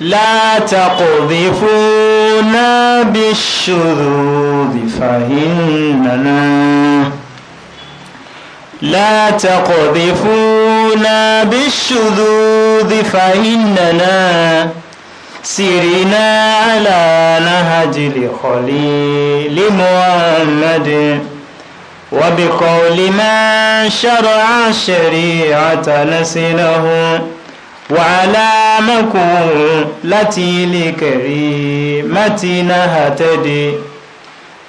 لا تقذفونا بالشذوذ فإننا لا تقذفونا بالشذوذ فإننا سيرنا على نهج الخليل محمد وبقول من شرع الشريعة نسله وعلامكم التي لكريمتنا هتدي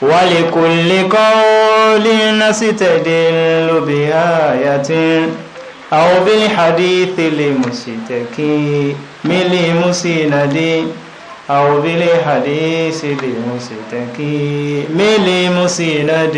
ولكل قول نستدل بآية أو بالحديث لمستكي من لمسند أو بالحديث لمستكي من لمسند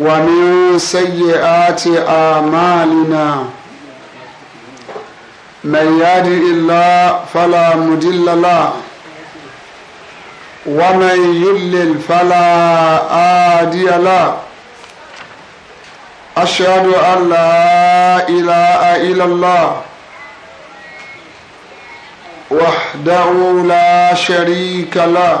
ومن سيئات أعمالنا من يهد الله فلا مضل له ومن يضلل فلا هادي له أشهد أن لا إله إلا الله وحده لا شريك له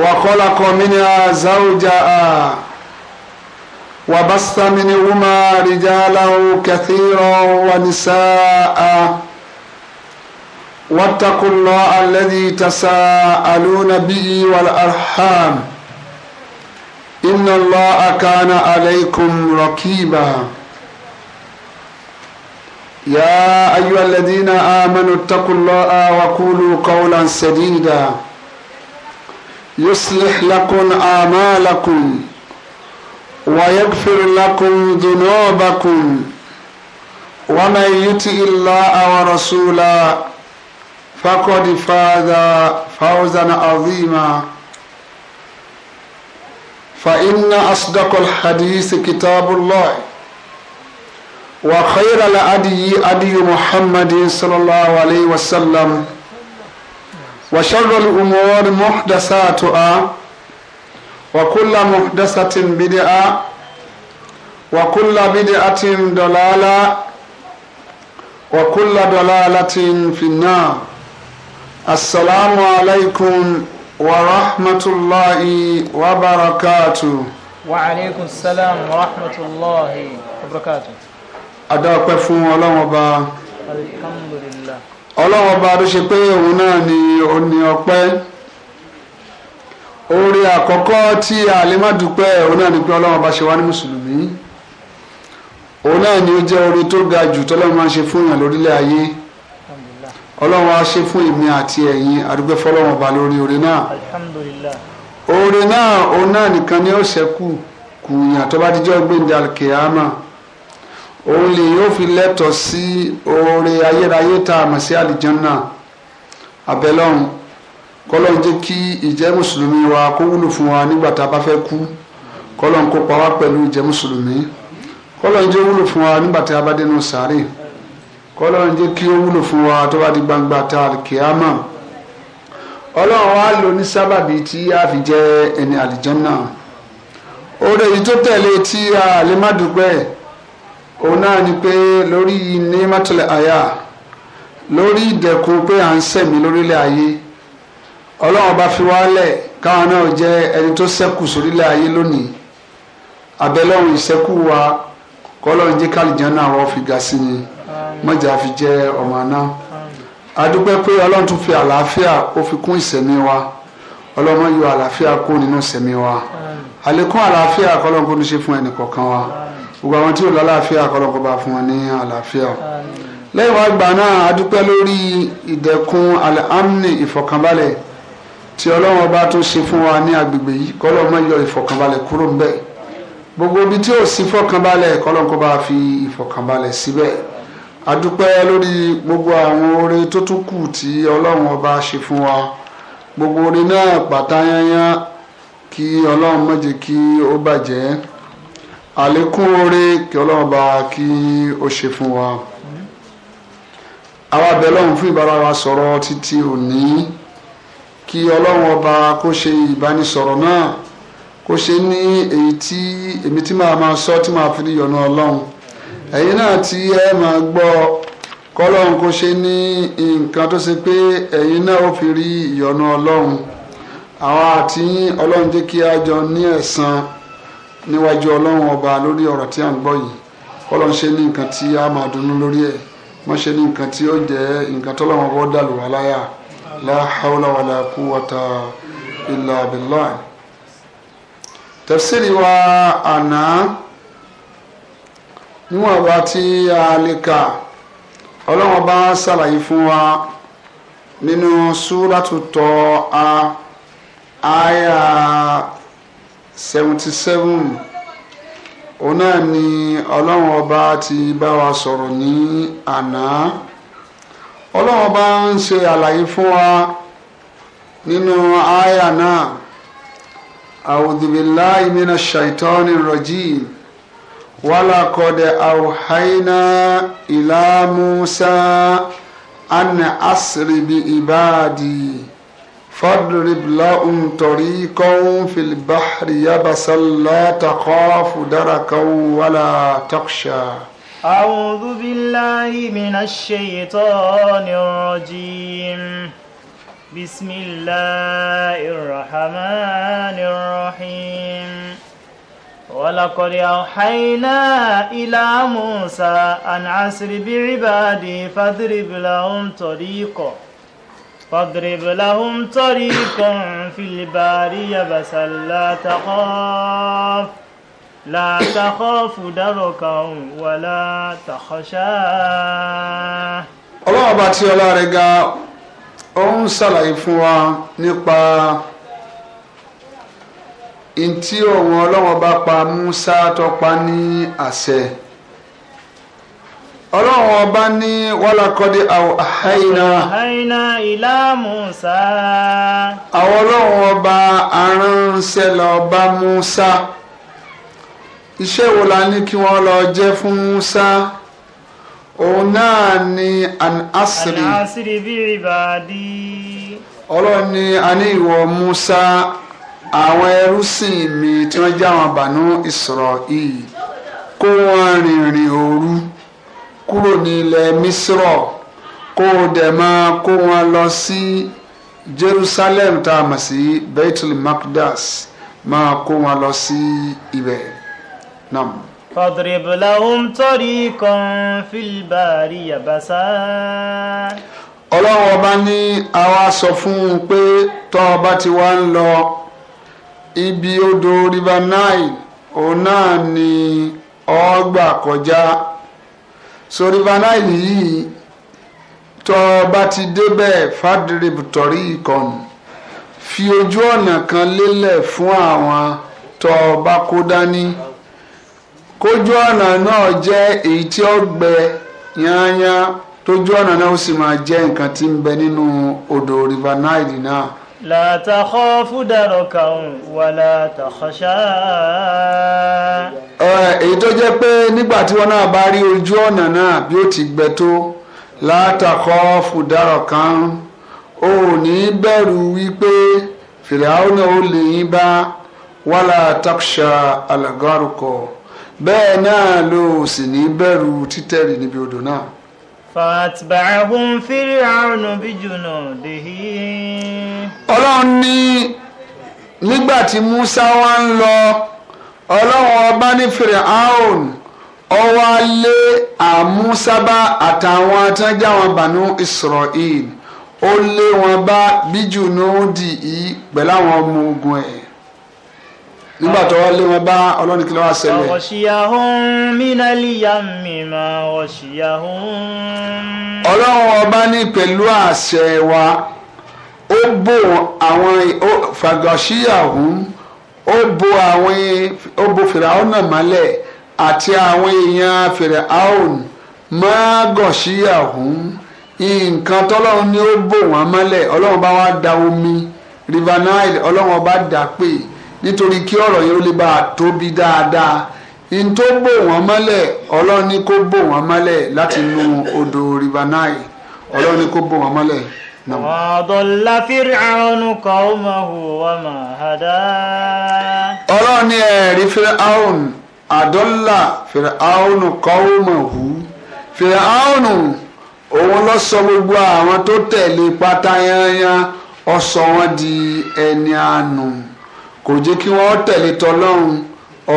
وخلق منها زوجها وبص منهما رجالا كثيرا ونساء واتقوا الله الذي تساءلون به والأرحام إن الله كان عليكم رقيبا يا أيها الذين آمنوا اتقوا الله وقولوا قولا سديدا يصلح لكم اعمالكم ويغفر لكم ذنوبكم ومن يطع الله ورسوله فقد فاز فوزا عظيما فان اصدق الحديث كتاب الله وخير الادي ادي محمد صلى الله عليه وسلم وشر الأمور محدثاتها وكل محدثة بدعة وكل بدعة ضلالة وكل ضلالة في النار السلام عليكم ورحمة الله وبركاته وعليكم السلام ورحمة الله وبركاته أدعوك فون الله الحمد لله ọlọ́run ọba tó ṣe pé òun náà ni ó ní ọpẹ́ oore àkọ́kọ́ tí a lè òun náà ni pé ọlọ́run ọba ṣe wá ní mùsùlùmí òun náà ni ó jẹ́ oore tó ga jù tọ́lọ́run máa ń ṣe fún èèyàn lórílẹ̀ ayé ọlọ́run á ṣe fún èmi àti ẹ̀yin àdúgbò fọlọ́run ọba lórí oore náà oore náà òun náà nìkan ni ó ṣẹ́kù kùyàn tó bá dijọ́ gbẹ̀ǹdà kìámà òun lè yóò fi lẹ́tọ̀ọ́ sí oore ayérayé tá a mọ̀ sí àlìjánná abẹ́lọ́run kọ́lọ́n jẹ́ kí ìjẹ́ mùsùlùmí wa kó wúlò fún wa nígbà tá a bá fẹ́ kú kọ́lọ́n kó pa wá pẹ̀lú ìjẹ́ mùsùlùmí kọ́lọ́n jẹ́ wúlò fún wa nígbà tá a bá dénú sàárè kọ́lọ́n jẹ́ kí ó wúlò fún wa tó bá di gbangba tá a kíámà ọlọ́run wa lò ní sábàbí tí a fi jẹ́ ẹni àlìjánná oore yìí tó tẹ̀lé tí a lè má dúpẹ́ òun náà ni pé lórí ní mọ́tòlẹ̀ àyà lórí ìdẹ̀kùn pé à ń sẹ̀mí lórílẹ̀ ayé ọlọ́run bá fi wálẹ̀ káwọn náà jẹ́ ẹni tó sẹ́kù sórílẹ̀ ayé lónìí abẹ́lọ́run ìsẹ́kù wa kọ́lọ́run jẹ́ kálíjà náà wọ́n fi ga sí ni mọ́jà fi jẹ́ ọmọ náà adúpẹ́ pé ọlọ́run tún fi àlàáfíà ó fi kún ìsẹ̀mí wa ọlọ́run yọ àlàáfíà kó nínú ìsẹ̀mí wa àlékún àlàáfíà kọ́lọ́run kó ní ṣe fún ẹnì kọ̀ọ̀kan wa gbogbo àwọn tí ò lálàáfíà kọlọ́kọ́ bá fún wọn ní àlàáfíà lẹ́yìn wá gbà náà a dúpẹ́ lórí ìdẹ̀kùn alhamni ìfọ̀kànbalẹ̀ tí ọlọ́run ọba tó ṣe fún wa ní agbègbè yìí kọ́lọ́ mọ́ yọ ìfọ̀kànbalẹ̀ kúrò ńbẹ̀ gbogbo ibi tí ò sí fọ̀kànbalẹ̀ kọ́lọ́kọ́ bá fi ìfọ̀kànbalẹ̀ síbẹ̀ a lórí gbogbo àwọn oore tó tún kù tí ọlọ́run ọba ṣe fún wa gbogbo oore náà pàtàyányá kí ọlọ́run má jẹ́ kí ó bàjẹ́ àlékún oore kí ọlọ́run bá kí ó ṣe fún wa àwa bẹ̀ lọ́run fún ìbára wa sọ̀rọ̀ títí òní kí ọlọ́run ọba kó ṣe ìbánisọ̀rọ̀ náà kó ṣe ní èyí tí èmi tí màá máa sọ tí màá fi ní yọ̀nà ọlọ́run ẹ̀yin náà tí ẹ máa gbọ́ kọ́lọ́run kó ṣe ní nǹkan tó ṣe pé ẹ̀yin náà ó fi rí ìyọ̀nà ọlọ́run àwa àti ọlọ́run jẹ́ kí a jọ ní ẹ̀san. E níwájú ọlọ́run ọba lórí ọ̀rọ̀ tí à ń gbọ́ yìí kọ́lọ́n ṣe ní nǹkan tí a máa dunnú lórí ẹ̀ wọ́n ṣe ní nǹkan tí ó jẹ́ nǹkan tọ́lọ́run ọba ó dàlù wá láyà la hawla wala quwwata illa billah. tafsiri wa àná níwọ̀n ọba tí a lè kà ọlọ́run ọba ṣàlàyé fún wa nínú súratu tọ́ a àyà seventy seven òun náà ni ọlọ́run ọba ti bá wa sọ̀rọ̀ ní àná ọlọ́run ọba ń ṣe àlàyé fún wa nínú àyà náà àwùdìbíláì mina ṣàìtọ́ni rọ̀jì wàlàkọ̀dẹ̀ àwùháìnà ìlà Musa àṣírí bíi ìbáàdì. فاضرب لهم طريقا في البحر يبسا لا تخاف دركا ولا تخشى أعوذ بالله من الشيطان الرجيم بسم الله الرحمن الرحيم ولقد أوحينا إلى موسى أن عسر بعبادي فاضرب لهم طريقا فاضرب لهم طريقا في البار يبسا لا تخاف لا تخاف دركا ولا تخشى ọlọ́run bá tí ọlá rẹ̀ ga ó ń ṣàlàyé fún wa nípa ntí ọ̀wọ́n ọlọ́run bá pa Musa tó pa ní àṣẹ ọlọ́run ọba ní wàlàkọ́dé àhàìnà. àhàìnà Musa. àwọn ọlọ́run ọba aránṣẹ́ lọ bá Musa. iṣẹ́ wo la ní kí wọ́n lọ jẹ́ fún Musa? òun náà ni an asiri. an asiri bí ibadi. ọlọ́run ni a ìwọ Musa àwọn ẹrúsìn mi tí wọ́n jẹ́ àwọn Banu Israel kó wọ́n rìnrìn òru kúrò ní ilẹ̀ misrọ̀ kó o dẹ̀ máa kó wọn lọ sí jerusalem tá a mọ̀ sí baitul maqdas máa kó wọn lọ sí ibẹ̀ náà. فاضرب لهم طريقا في البحر يبسا ọlọ́run ọba ní àwa sọ fún un pé tọ́ ọba ti wá ń lọ ibi odò river nile òun náà ni ọgbà kọjá so river nile yìí tọ́ bá ti débẹ̀ fadrib tọ́rí ìkànnì fi ojú ọ̀nà kan lélẹ̀ fún àwọn tọ́ bá kó dání kójú ọ̀nà náà jẹ́ èyí tí ó gbẹ yányá tójú ọ̀nà náà ó sì máa jẹ́ nǹkan tí ń bẹ nínú odò river náà. لا تخاف دركا ولا تخشى. èyí tó jẹ́ pé nígbà tí wọ́n náà bá rí ojú ọ̀nà náà bí ó ti gbẹ tó látàkọ́ fùdárọ̀ kan ò ní bẹ̀rù wípé fìlàwọ́nà ó lè yín bá wàlà takṣà àlàgọ́rùkọ bẹ́ẹ̀ náà ló sì ní bẹ̀rù títẹ̀rì níbi odò náà fàtbàhùn fíríàrùn bíjùnà dèhí. ọlọ́run ní nígbà tí Musa wá ń lọ ọlọ́run ọba ní fíríàrùn ọwọ́ alé àmúsábà àtàwọn atánjá wọn bànú Israel ó lé wọn bá bíjùnà dìhí pẹ̀lú àwọn ọmọ ogun ẹ̀ nígbà tó wá lé wọn bá ọlọ́run kí ló wá ṣẹlẹ̀. ọ̀ṣìyàhún mínàlíyà mímọ́ ọ̀ṣìyàhún. ọlọ́run ọba ní pẹ̀lú àṣẹ wa ó bò àwọn fàgọ̀ṣìyàhún ó bò àwọn ó bò fìràhónà mọ́lẹ̀ àti àwọn èèyàn fìràhón mọ́gọ̀ṣìyàhún nǹkan tọ́lọ́run ni ó bò wọ́n mọ́lẹ̀ ọlọ́run bá wá da omi river ọlọ́run ọba dà pé nítorí kí ọ̀rọ̀ yìí ó lè bá a tóbi dáadáa n tó bò wọ́n mọ́lẹ̀ ọlọ́run ní kó bò wọ́n mọ́lẹ̀ láti inú odò ribanai ọlọ́run ní kó bò wọ́n mọ́lẹ̀. wàdọ̀lá fíráhùnù kọ́ọ̀mọ̀hù wà máa hàdá. ọlọ́run ní ẹ̀rí fíráhùn àdọ́là fíráhùnù kọ́ọ̀mọ̀hù fíráhùnù òun ló sọ gbogbo àwọn tó tẹ̀lé pátá yanyan ó wọn di ẹni àánú. kò jẹ́ kí wọ́n tẹ̀lé tọlọ́run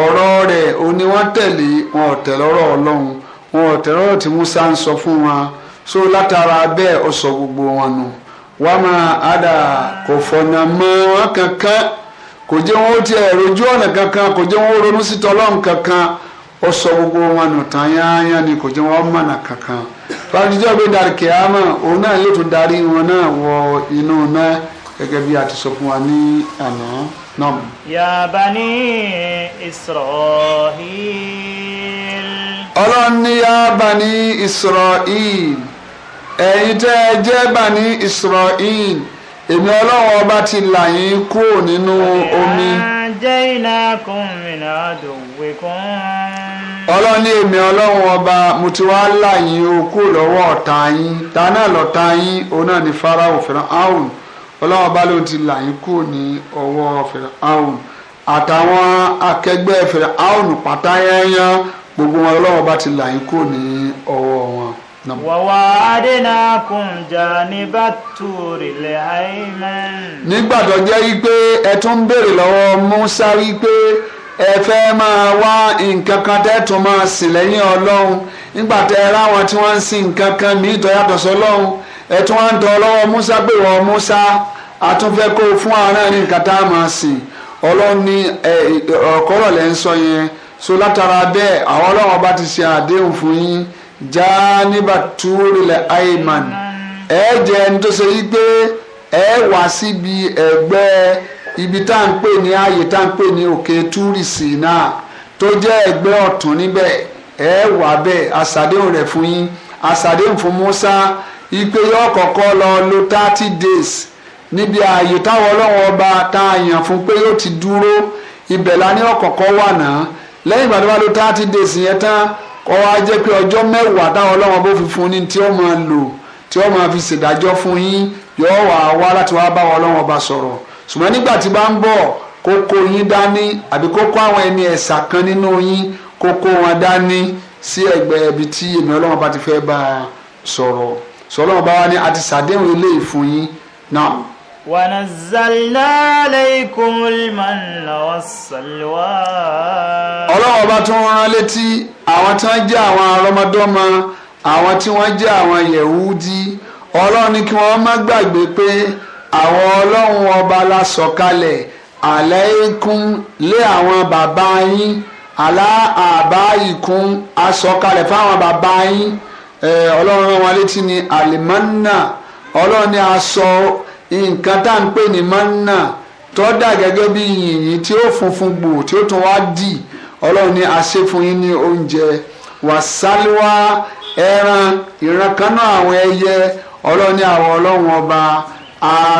ọ̀rọ̀ rẹ̀ ní wọ́n tẹ̀lé wọn ò tẹ̀lé wọ́n ọlọ́run wọn tí Musa ń sọ fún wa so látara bẹ́ẹ̀ ó wọn nù wọ́n máa àdà kò fọ̀nà mọ́ wọn kankan kò jẹ́ wọn tiẹ̀ rojú ọ̀nà kankan kò jẹ́ wọn ó ronú kankan ó wọn nù tán ni kò jẹ́ wọn نعم يا بني إسرائيل ọlọ́run ní yá bani israel ẹ̀yin tẹ́ ẹ jẹ́ èmi ọlọ́run ọba ti là kú nínú omi. ní èmi ọlọ́run ọba mo ti wá là o lọ́wọ́ ọ̀tá yín ta náà lọ́tá yín òun náà ni farao fẹ́ràn áhùn. ọlọ́wọ́n bá ló ti là yín kúrò ní ọwọ́ fìràhùn àtàwọn akẹgbẹ́ fìràhùn pátá yányán gbogbo wọn ọlọ́wọ́n bá ti là yín kúrò ní ọwọ́ wọn. wàwá adénákùn jà ní bàtúrì lẹ́ àìmẹ́. nígbà tó jẹ́ wípé ẹ tún ń béèrè lọ́wọ́ Musa wípé ẹ fẹ́ máa wá nǹkan kan tẹ́ tún máa sìn lẹ́yìn Ọlọ́run nígbà tẹ́ ẹ ráwọn tí wọ́n ń sìn nǹkan kan mí ìtọ́yàtọ̀ sọ́lọ́run ẹ tún wá ń Musa pé wọ́n Musa àtúnfẹ́ kó fún àárín nǹkan tá a máa sìn ọlọ́run ní ọ̀kọ́rọ̀ lẹ́ ń sọ yẹn so látara bẹ́ẹ̀ àwọn ọlọ́run ọba ti ṣe àdéhùn fún yín já nígbà túrúlẹ̀ aiman ẹ jẹ́ ẹni tó ṣe yí pé ẹ wá síbi ẹgbẹ́ ibi tá à ń pè ní ààyè tá à ń pè ní òkè túrìsì náà tó jẹ́ ẹgbẹ́ ọ̀tún níbẹ̀ ẹ wà bẹ́ẹ̀ àṣàdéhùn rẹ̀ fún yín àṣàdéhùn fún Musa ipe yọ kọ́kọ́ lọ lo thirty days níbi ààyè táwọn ọlọ́run ọba tá a yàn fún pé yóò ti dúró ibẹ̀ la ní ọ̀kọ̀ọ̀kọ́ wà náà lẹ́yìn ìgbà tó bá lo thirty days yẹn tán kọ́ wa jẹ́ pé ọjọ́ mẹ́wàá táwọn ọlọ́run bó fi fún ni tí ó máa lò tí ó máa fi ṣèdájọ́ fún yín yọ wà wá láti wá bá ọlọ́run ọba sọ̀rọ̀ ṣùgbọ́n nígbà tí bá ń bọ̀ kó yín dání àbí kó àwọn ẹni ẹ̀sà kan nínú yín kó wọn dání sí ẹgbẹ́ ibi tí èmi ọlọ́run bá ti fẹ́ bá a sọ̀rọ̀ sọlọ́wọ́n bá wa ní àti sàdéhùn eléyìí fún yín náà. wànàzàlá aleikum manna wasalwa. ọlọ́wọ́n bá tún rán létí àwọn tí wọ́n jẹ́ àwọn arọ́mọdọ́mọ àwọn tí wọ́n jẹ́ àwọn yẹ̀wúdí ọlọ́run ní kí wọ́n má gbàgbé pé àwọn ọlọ́run ọba la sọ̀kalẹ̀ aleikum lé àwọn bàbá yín alá àbá ìkún a sọ̀kalẹ̀ fáwọn bàbá yín ọlọ́run wọn létí ni alimanna ọlọ́run ni aṣọ nǹkan tá à ń pè ní manna tó dà gẹ́gẹ́ bí yìnyín tí ó funfun gbò tí ó tún wá dì ọlọ́run ni aṣe fún yín ní oúnjẹ wàsálíwá ẹran ìran kan náà àwọn ẹyẹ ọlọ́run ni àwọn ọlọ́run ọba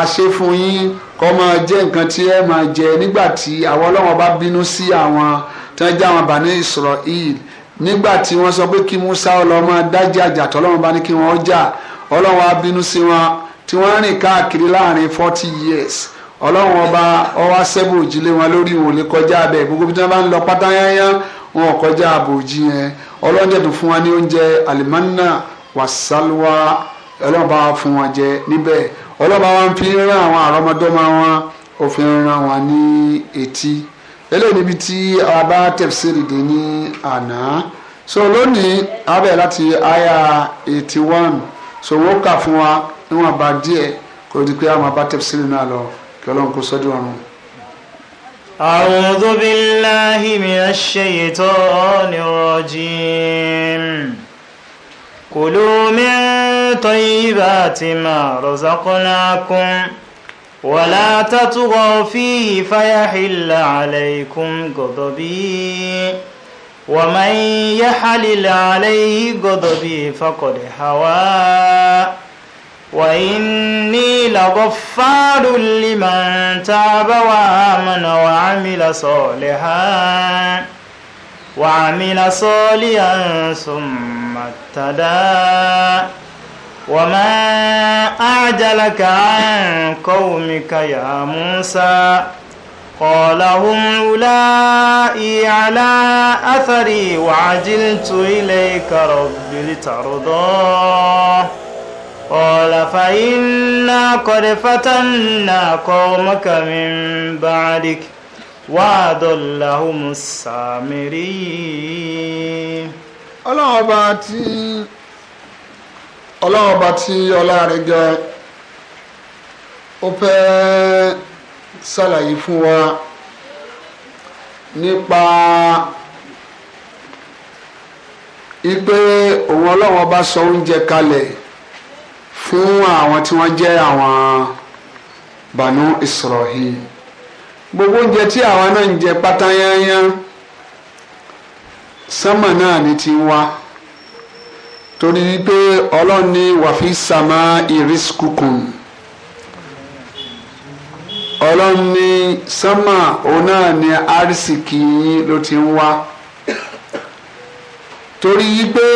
aṣe fún yín kọ́ máa jẹ́ nǹkan tí ẹ máa jẹ nígbà tí àwọn ọlọ́run ọba bínú sí àwọn tí wọ́n jẹ́ àwọn Bani Israel nígbà tí wọ́n sọ pé kí Musa ọlọ́mọ dájà àjà tọ́lọ́run bá ní kí wọ́n jà ọlọ́run á bínú sí wọn tí wọ́n rìn káàkiri láàrin forty years ọlọ́run ọba ọwá sẹ́bù òjìlé wọn lórí wọn ò lè kọjá abẹ gbogbo bí wọ́n bá ń lọ pátá yányán wọn ò kọjá àbòjì yẹn ọlọ́run dẹ̀ fún wọn ní oúnjẹ alimanna wasalwa ọlọ́run bá fún wọn jẹ níbẹ̀ ọlọ́run bá wọn fi ń rán àwọn àrọ́mọdọ́mọ wọn òfin rán wọn ní etí eléyìí níbi tí a bá tẹ̀síìrì dé ní àná so lónìí abẹ́ láti aya eighty one so wọ́n kà fún wa níwọ̀n bá díẹ̀ kò di pé a máa bá tẹ̀síìrì náà lọ kí ọlọ́run kó sọ́dún ọ̀run. أعوذ بالله من الشيطان الرجيم كلوا من طيبات ما رزقناكم ولا تطغوا فيه فيحل عليكم غضبي ومن يحلل عليه غضبي فقد هوى وإني لغفار لمن تاب وآمن وعمل صالحا وعمل صالحا ثم اتدى وَمَا أَعْجَلَكَ عن قومك يا موسى قال هم أولئي على أثري وعجلت إليك رب لترضاه قال فإنا قد فتنا قومك من بعدك وأضلهم السامرين ọlọ́run ọlọ́run ọba tí ọlá rẹ̀ ga ó fẹ́ ṣàlàyé fún wa nípa ipe òun ọlọ́run ọba sọ oúnjẹ kalẹ̀ fún àwọn tí wọ́n jẹ́ àwọn bànú Israel gbogbo oúnjẹ tí àwọn náà ń jẹ pátá yányán sánmà náà ni ti wá. torí pé ọlọ́run ní wàfí sàmá ìrísíkùkùn ọlọ́run ní sánmà òun náà ní àrísìkì yín ló ti ń wá torí pé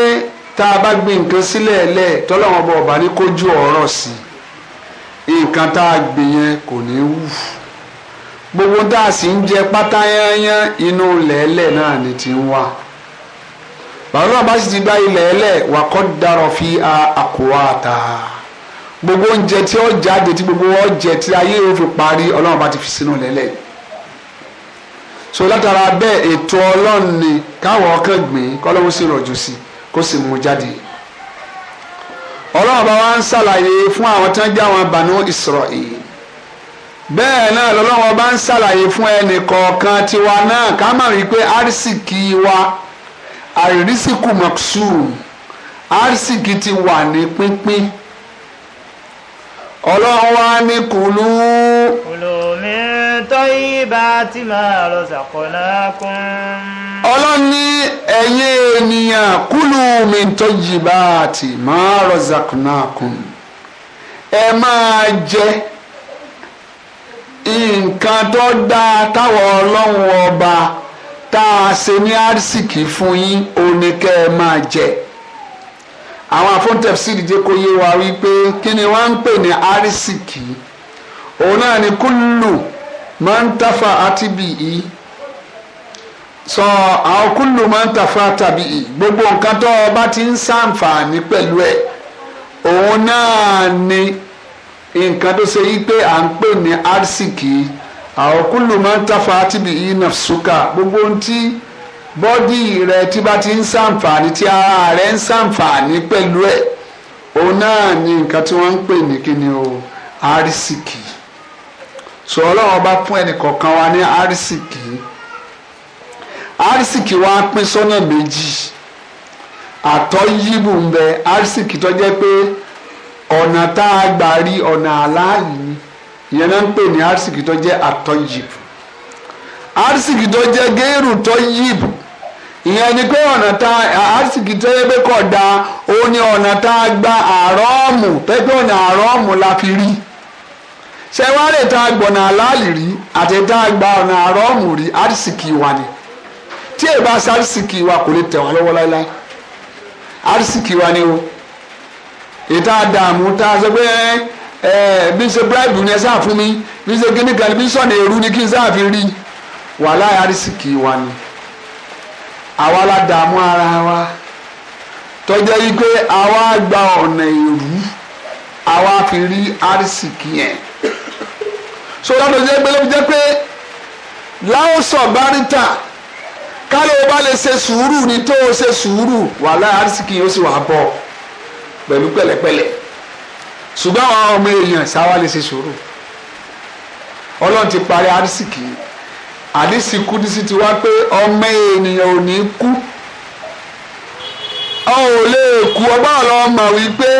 tá a bá gbin nǹkan sílẹ̀ lẹ̀ tọ́lọ́wọ́n bọ̀ ọ̀bá ní kójú ọ̀rọ̀ sí nǹkan tá a gbìn yẹn kò ní wù gbogbo tá a sì ń jẹ pátá yányán inú lẹ̀ẹ́lẹ̀ náà ni ti ń wá. bàbá náà bá sì ti dá ilẹ̀ ẹlẹ̀ wàkọ́ dára fi àkùwá ta gbogbo oúnjẹ tí ó jáde tí gbogbo ọjẹ tí ayé yóò fi parí ọlọ́run bá ti fi sínú lẹ́lẹ̀ so látara bẹ́ẹ̀ ètò ọlọ́run ni káwọn ọkàn gbìn kọ́lọ́wọ́ sì rọ̀jò sí kó sì mú jáde ọlọ́run bá wá ń ṣàlàyé fún àwọn tí wọ́n jẹ́ àwọn Banu Israel bẹ́ẹ̀ náà lọ́lọ́run bá ń ṣàlàyé fún ẹnì kọ̀ọ̀kan tiwa náà ká má rí i pé arísìkì wa àìrísìkù mọ̀ṣúù àrísìkì ti wà ní pínpín ọlọ́run wá ní kùlú. kùlú mi tọ́ ibà tí màá lọ sàkọ́lákùn. ọlọ́run ní ẹ̀yin ènìyàn kùlú mi tọ́ ibà tí màá lọ sàkọ́lákùn. ẹ máa jẹ nǹkan tó dáa táwọn ọlọ́run ọba tá a ṣe ní arísìkì fún yín òní kẹ́ ẹ máa jẹ àwọn afọ́ntẹ́fsìrì jẹ́ kó yé wa wípé kí ni wọ́n ń pè ní arísìkì òun náà ni kúlù máa ń tàfà àti bìí sọ àwọn kúlù máa ń tàfà tàbí gbogbo nǹkan tó o bá ti ń ṣàǹfààní pẹ̀lú ẹ̀ òun náà ni nǹkan tó ṣe yí pé à ń pè ní arísìkì àwọn kúlù máa ń tàfà tìbí yìí nà sùkà gbogbo ohun tí bọ́dì rẹ tí bá ti ń ṣàǹfààní tí ara rẹ ń ṣàǹfààní pẹ̀lú ẹ̀ òun náà ni nǹkan tí wọ́n ń pè ní kíni o arísìkì sọ ọlọ́run ọba fún ẹnìkọ̀ọ̀kan wa ní arísìkì arísìkì wa pín sọ́nà méjì àtọ́ yíbù ń bẹ arísìkì tó jẹ́ pé ọ̀nà tá a gbà rí ọ̀nà aláàlú ìyẹn náà ń pè ní arsiki tó jẹ́ atọ́yib arsiki tó jẹ́ géèrù tọ́yib ìyẹn ni pé ọ̀nà tá arsiki tó yẹ pé kọ̀ da ó ní ọ̀nà tá a gba àrọ́ọ̀mù tó yẹ pé ọ̀nà àrọ́ọ̀mù la fi rí sẹ́wárẹ̀ tá a gbọ̀nà aláàlì rí àti tá a gba ọ̀nà àrọ́ọ̀mù rí arsiki wa ni tí ẹ bá sárísìkì wa kò lè tẹ̀ lọ́wọ́ láéláé arísìkì wa ni o ìta dààmú ta sọ pé Eh, bí n ṣe bíráìbù yẹn sáà fún mi bí n ṣe kíní kan bí n kí n sáà fi rí wàhálà àrísìkì wa ni àwa la dààmú ara wa tọ́jọ́ yìí pé àwa gba ọ̀nà èrú àwa fi rí yẹn so lọ́dọ̀ jẹ́ pé jẹ́ pé kálọ̀ ó bá lè ṣe sùúrù ni tó o ṣe sùúrù ṣùgbọ́n àwọn ọmọ èèyàn sáwá lè ṣe sùúrù ọlọ́run ti parí àdìsíkì àdìsíkú ní sí ti wá pé ọmọ ènìyàn ò ní kú ọ ò lè kú ọgbà ọlọ́mọ wípé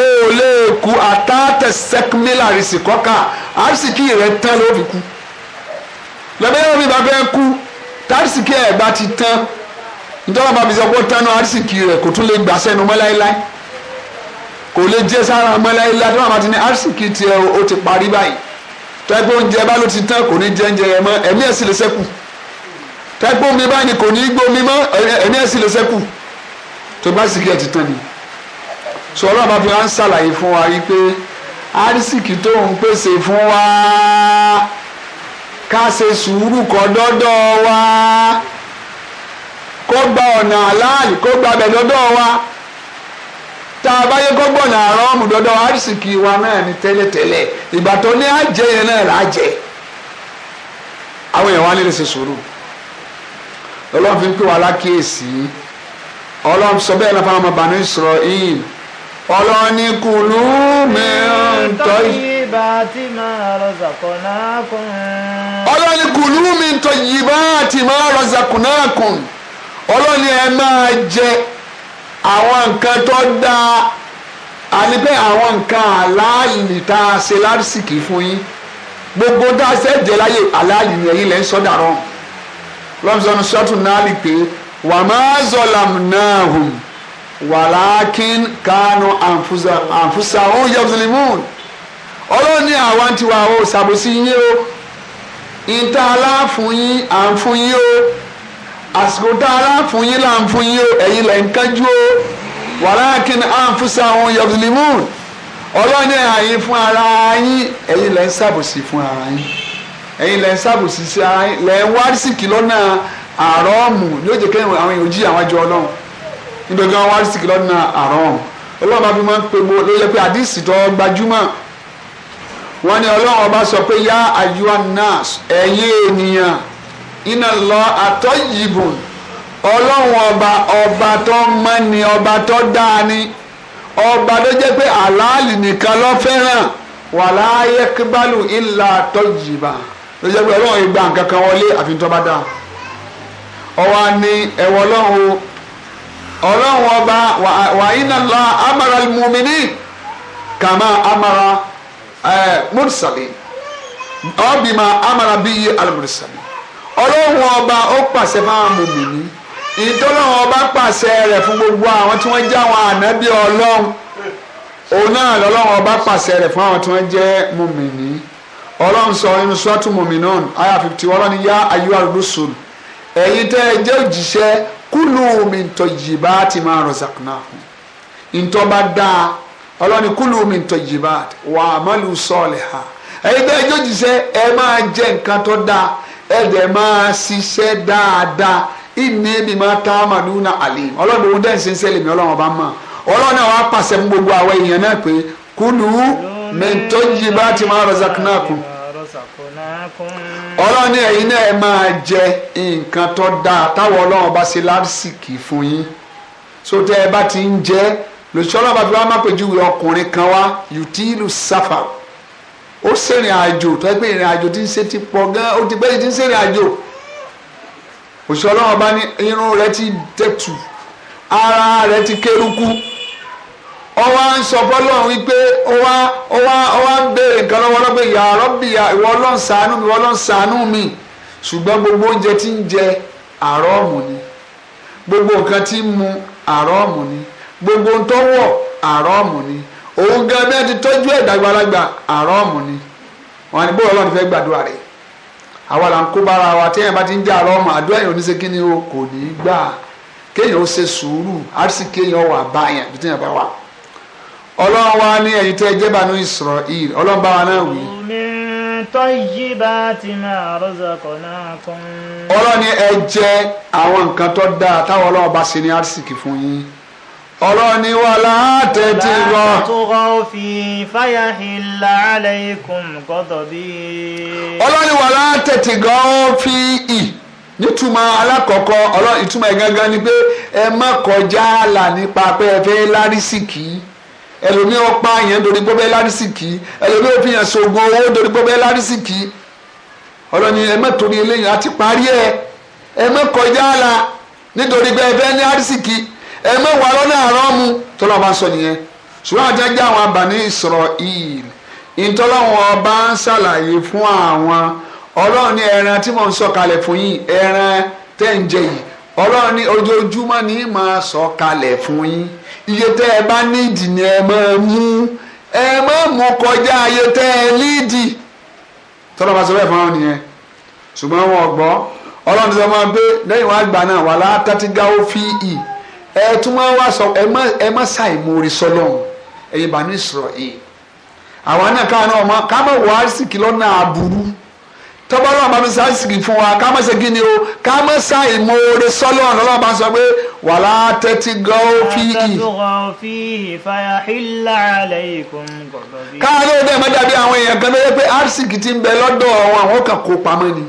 o ò lè kú àtàtẹ̀ sẹ́kímílà rìsìkọ́kà àdìsíkì rẹ̀ tán ló fi kú lọ́bẹ̀ yóò fi bá fẹ́ kú tàdìsíkì ẹ̀ bá ti tán nítorí bàbá mi sọ pé ó tán náà àdìsíkì rẹ̀ kò tún lè gbà sẹ́nu mọ́ láéláé kò lè jẹ sára mọ́lá ilé àti màmá ti ní arsìkì tiẹ̀ o ti parí báyìí tẹ́gbẹ́ oúnjẹ bá ló ti tán kò ní jẹ oúnjẹ yẹn mọ́ ẹ̀mí ẹ̀ sì lè sẹ́kù tẹ́gbẹ́ omi báyìí kò ní gbómi mọ́ ẹ̀mí ẹ̀ sì lè sẹ́kù tó bá arsìkì ẹ̀ ti tán ni sọ bá fi wá ń ṣàlàyé fún wa yìí pé arísìkì tó ń pèsè fún wa ká ṣe sùúrù kọ́ dọ́dọ́ wa kó gba ọ̀nà aláàlì kó gba abẹ dọ́dọ́ wa tá a bá yẹ gbọ́gbọ̀nà àrọ́ọ̀mù dọ́dọ̀ àrísìkì wa náà ni tẹ́lẹ̀tẹ́lẹ̀ ìgbà tó ní àjẹ yẹn náà là á jẹ àwọn èèyàn wa nílẹ̀ ṣe sùúrù ọlọ́run fi ń pè wá lákèésí ọlọ́run sọ bẹ́ẹ̀ náà fáwọn ọmọ bàánú ìṣòro yìí ọlọ́run ní kùlù mìíràn tọ́ yìí ọlọ́run ní kùlù mìíràn tọ́ yìí bàtí máa rọ̀zàkùnákùn ọlọ́run ní ẹ máa jẹ àwọn nǹkan tó dáa àní pé àwọn nǹkan àláàlì tá a ṣe lásìkò fún yín gbogbo tá a ṣe jẹ láyè àláàlì ni ẹ̀yin lẹ ń sọdà rán lọ́mùsọ̀nù sọ́tù náà lè pé wà má zọ̀làm náà hùn wàlákin kánú àǹfùsà òun yẹ̀bùsùlùmùn ọlọ́run ní àwa tiwa ó ṣàbòsí yín o ìta aláàfún yín àǹfún yín o àsìkò dára fún yín là ń fún yín o ẹ̀yin lẹ̀ ń kánjú o wàláàkín àǹfùsà àwọn yọ̀bùlímùn ọlọ́ọ̀ni àyín fún ara yín ẹ̀yin lẹ̀ ń ṣàbòsí fún ara yín ẹ̀yin lẹ̀ ń ṣàbòsí sí ara yín lẹ̀ ń wárísìkì lọ́nà àrọ́ọ̀mù yóò jẹ́ kẹ́hìn àwọn èèyàn jí àwọn àjọ ọlọ́run nítorí wọn wárísìkì lọ́nà àrọ́ọ̀mù ọlọ́run bá fi máa ń pe gbogbo ló yẹ pé àdìsí tó gbajúmọ̀ wọ́n ní ọlọ́run ọba sọ pé yá àyùwá nurse ẹ̀yin ènìyàn iná lọ àtọ́ yìbùn ọlọ́run ọba ọba tó mọ́ ni ọba tó dáa ni ọba tó jẹ́ pé àlàálì nìkan ló fẹ́ràn wàlá ayékébálù ìlà àtọ́ yìbà ló jẹ́ pé ọlọ́run ìgbà nǹkan kan wọlé àfi tó bá dáa ọwọ́ ni ẹ̀wọ̀ ọlọ́run ọlọ́run ọba wà iná lọ amara mùmíní kàmá amara eh, mùsàlì ọ̀bìmọ̀ amara bíi alùmùsàlì ọlọ́run ọba ó pàṣẹ fáwọn mòmìnì ìtọ́lọ́run ọba pàṣẹ rẹ̀ fún gbogbo àwọn tí wọ́n jẹ́ àwọn ànábì ọlọ́run òun náà lọ́lọ́run ọba pàṣẹ rẹ̀ fún àwọn tí wọ́n jẹ́ mòmìnì ọlọ́run sọ inú sọ́tù mòmìnì náà àyà fìtì ọlọ́run yá ayú àrùsùn ẹ̀yin tẹ́ ẹ jẹ́ òjíṣẹ́ kúlù mi ntọ́ yìí bá ti máa rọ̀ sàkúnà ntọ́ bá dáa ọlọ́ni kúlù mi ntọ́ yìí bá wà á má sọ́ọ̀lì ha ẹ̀yin tẹ́ ẹ jẹ́ òjíṣẹ́ ẹ máa jẹ nǹkan tó dáa ẹ̀jẹ̀ máa ṣiṣẹ́ dáadáa ìní bí máa tá a máa dúró náà àlè ọlọ́run òun dẹ́n ṣe ń sẹ́lẹ̀ mi ọlọ́run ọba mọ̀ ọlọ́run náà wàá pàṣẹ fún gbogbo àwọn èèyàn náà pé kúlù mẹ́tọ́jì bá ti máa razaqnakum ọlọ́run ní ẹ̀yin náà ẹ máa jẹ nǹkan tó dáa táwọn ọlọ́run bá ṣe lásìkò fún yín sótẹ́ ẹ bá ti ń jẹ lòṣìṣẹ́ ọlọ́run bá fi wá má pèjú ọkùnrin kan wá yùtílù sáfà ó sẹ́rìn àjò tó ẹgbẹ́ ìrìn àjò tí ń ṣe ti pọ̀ gan ó ti pẹ́ tí ń sẹ́rìn àjò òṣìṣẹ́ ọlọ́run bá ní irun rẹ ti tẹ̀tù ara rẹ ti kérúkú ọwọ́ ń sọ fọlọ́run wípé ọwọ́ ọwọ́ ọwọ́ ń béèrè nǹkan lọ́wọ́ lọ́gbẹ̀ ìyá rọ́bì ìwọ ọlọ́run ṣàánú mi ìwọ ọlọ́run ṣàánú mi ṣùgbọ́n gbogbo oúnjẹ tí ń jẹ àrọ́ọ̀mù ni gbogbo nǹkan tí ń mu àrọ́ọ̀mù ni gbogbo ń tọ́wọ̀ àrọ́ọ̀mù ni òun gan ti tọ́jú ẹ̀dàgbàlagbà ni bóyá ọlọ́run fẹ́ gbàdúrà rẹ̀ àwa là ń kó bára wa bá ti ń jẹ́ àdúrà kí ni o kò ní í gbà kéèyàn ó ṣe sùúrù kéèyàn wà téèyàn bá wà ọlọ́run wa ní tẹ́ jẹ́ bá ọlọ́run bá wa náà wí. ọlọ́ni wà látẹ̀tì lọ. ọlọ́ni wà látẹ̀tì gan fi ì nítumọ̀ alákọ̀ọ́kọ́ ọlọ́ni ìtumọ̀ ẹ̀ gangan ni pé ẹ má kọjá àlà nípa pé ẹ fẹ́ lárísìkì ẹlòmí ọ̀pá yẹn dorí gbọ́bẹ́ lárísìkì ẹlòmí òfin yẹn sògùn owó dorí gbọ́bẹ́ lárísìkì ọlọ́ni ẹ má torí eléyìí àti parí ẹ ẹ má kọjá àlà nítorí pé ẹ fẹ́ lárísìkì. ẹgbẹ́ wà lọ́nà àrọ́mù tó lọ́ọ́ bá ń sọ nìyẹn ṣùgbọ́n àjẹjẹ àwọn abàní ọba ń ṣàlàyé fún àwọn ọlọ́run ní ẹran tí mò ń sọ kalẹ̀ fún yín ẹran tẹ́ ń jẹ yìí ọlọ́run ní ojoojúmọ́ ní máa sọ kalẹ̀ fún yín iye tẹ́ ẹ bá nídìí ni ẹ máa mú ẹ máa mú kọjá iye tẹ́ ẹ tọ́lọ́ bá fún àwọn nìyẹn ṣùgbọ́n wọn gbọ́ sọ lẹ́yìn wọn ẹ tún máa wá sọ ẹ má ẹ má ṣàì mórí sọlọ́run na bá ní sọ̀rọ̀ yìí àwọn náà káwọn náà ọmọ ká wọ àrísìkì lọ́nà àbúrú tọ́ba náà máa fi ṣe fún wa ká má ṣe ni o ká má mórí sọlọ́run lọ́nà bá sọ pé wàlá tẹ́tí gan ó fi yìí. káwọn náà dẹ̀ má dàbí àwọn èèyàn kan tó pé àrísìkì ti ń bẹ lọ́dọ̀ àwọn kan kó pamọ́ ni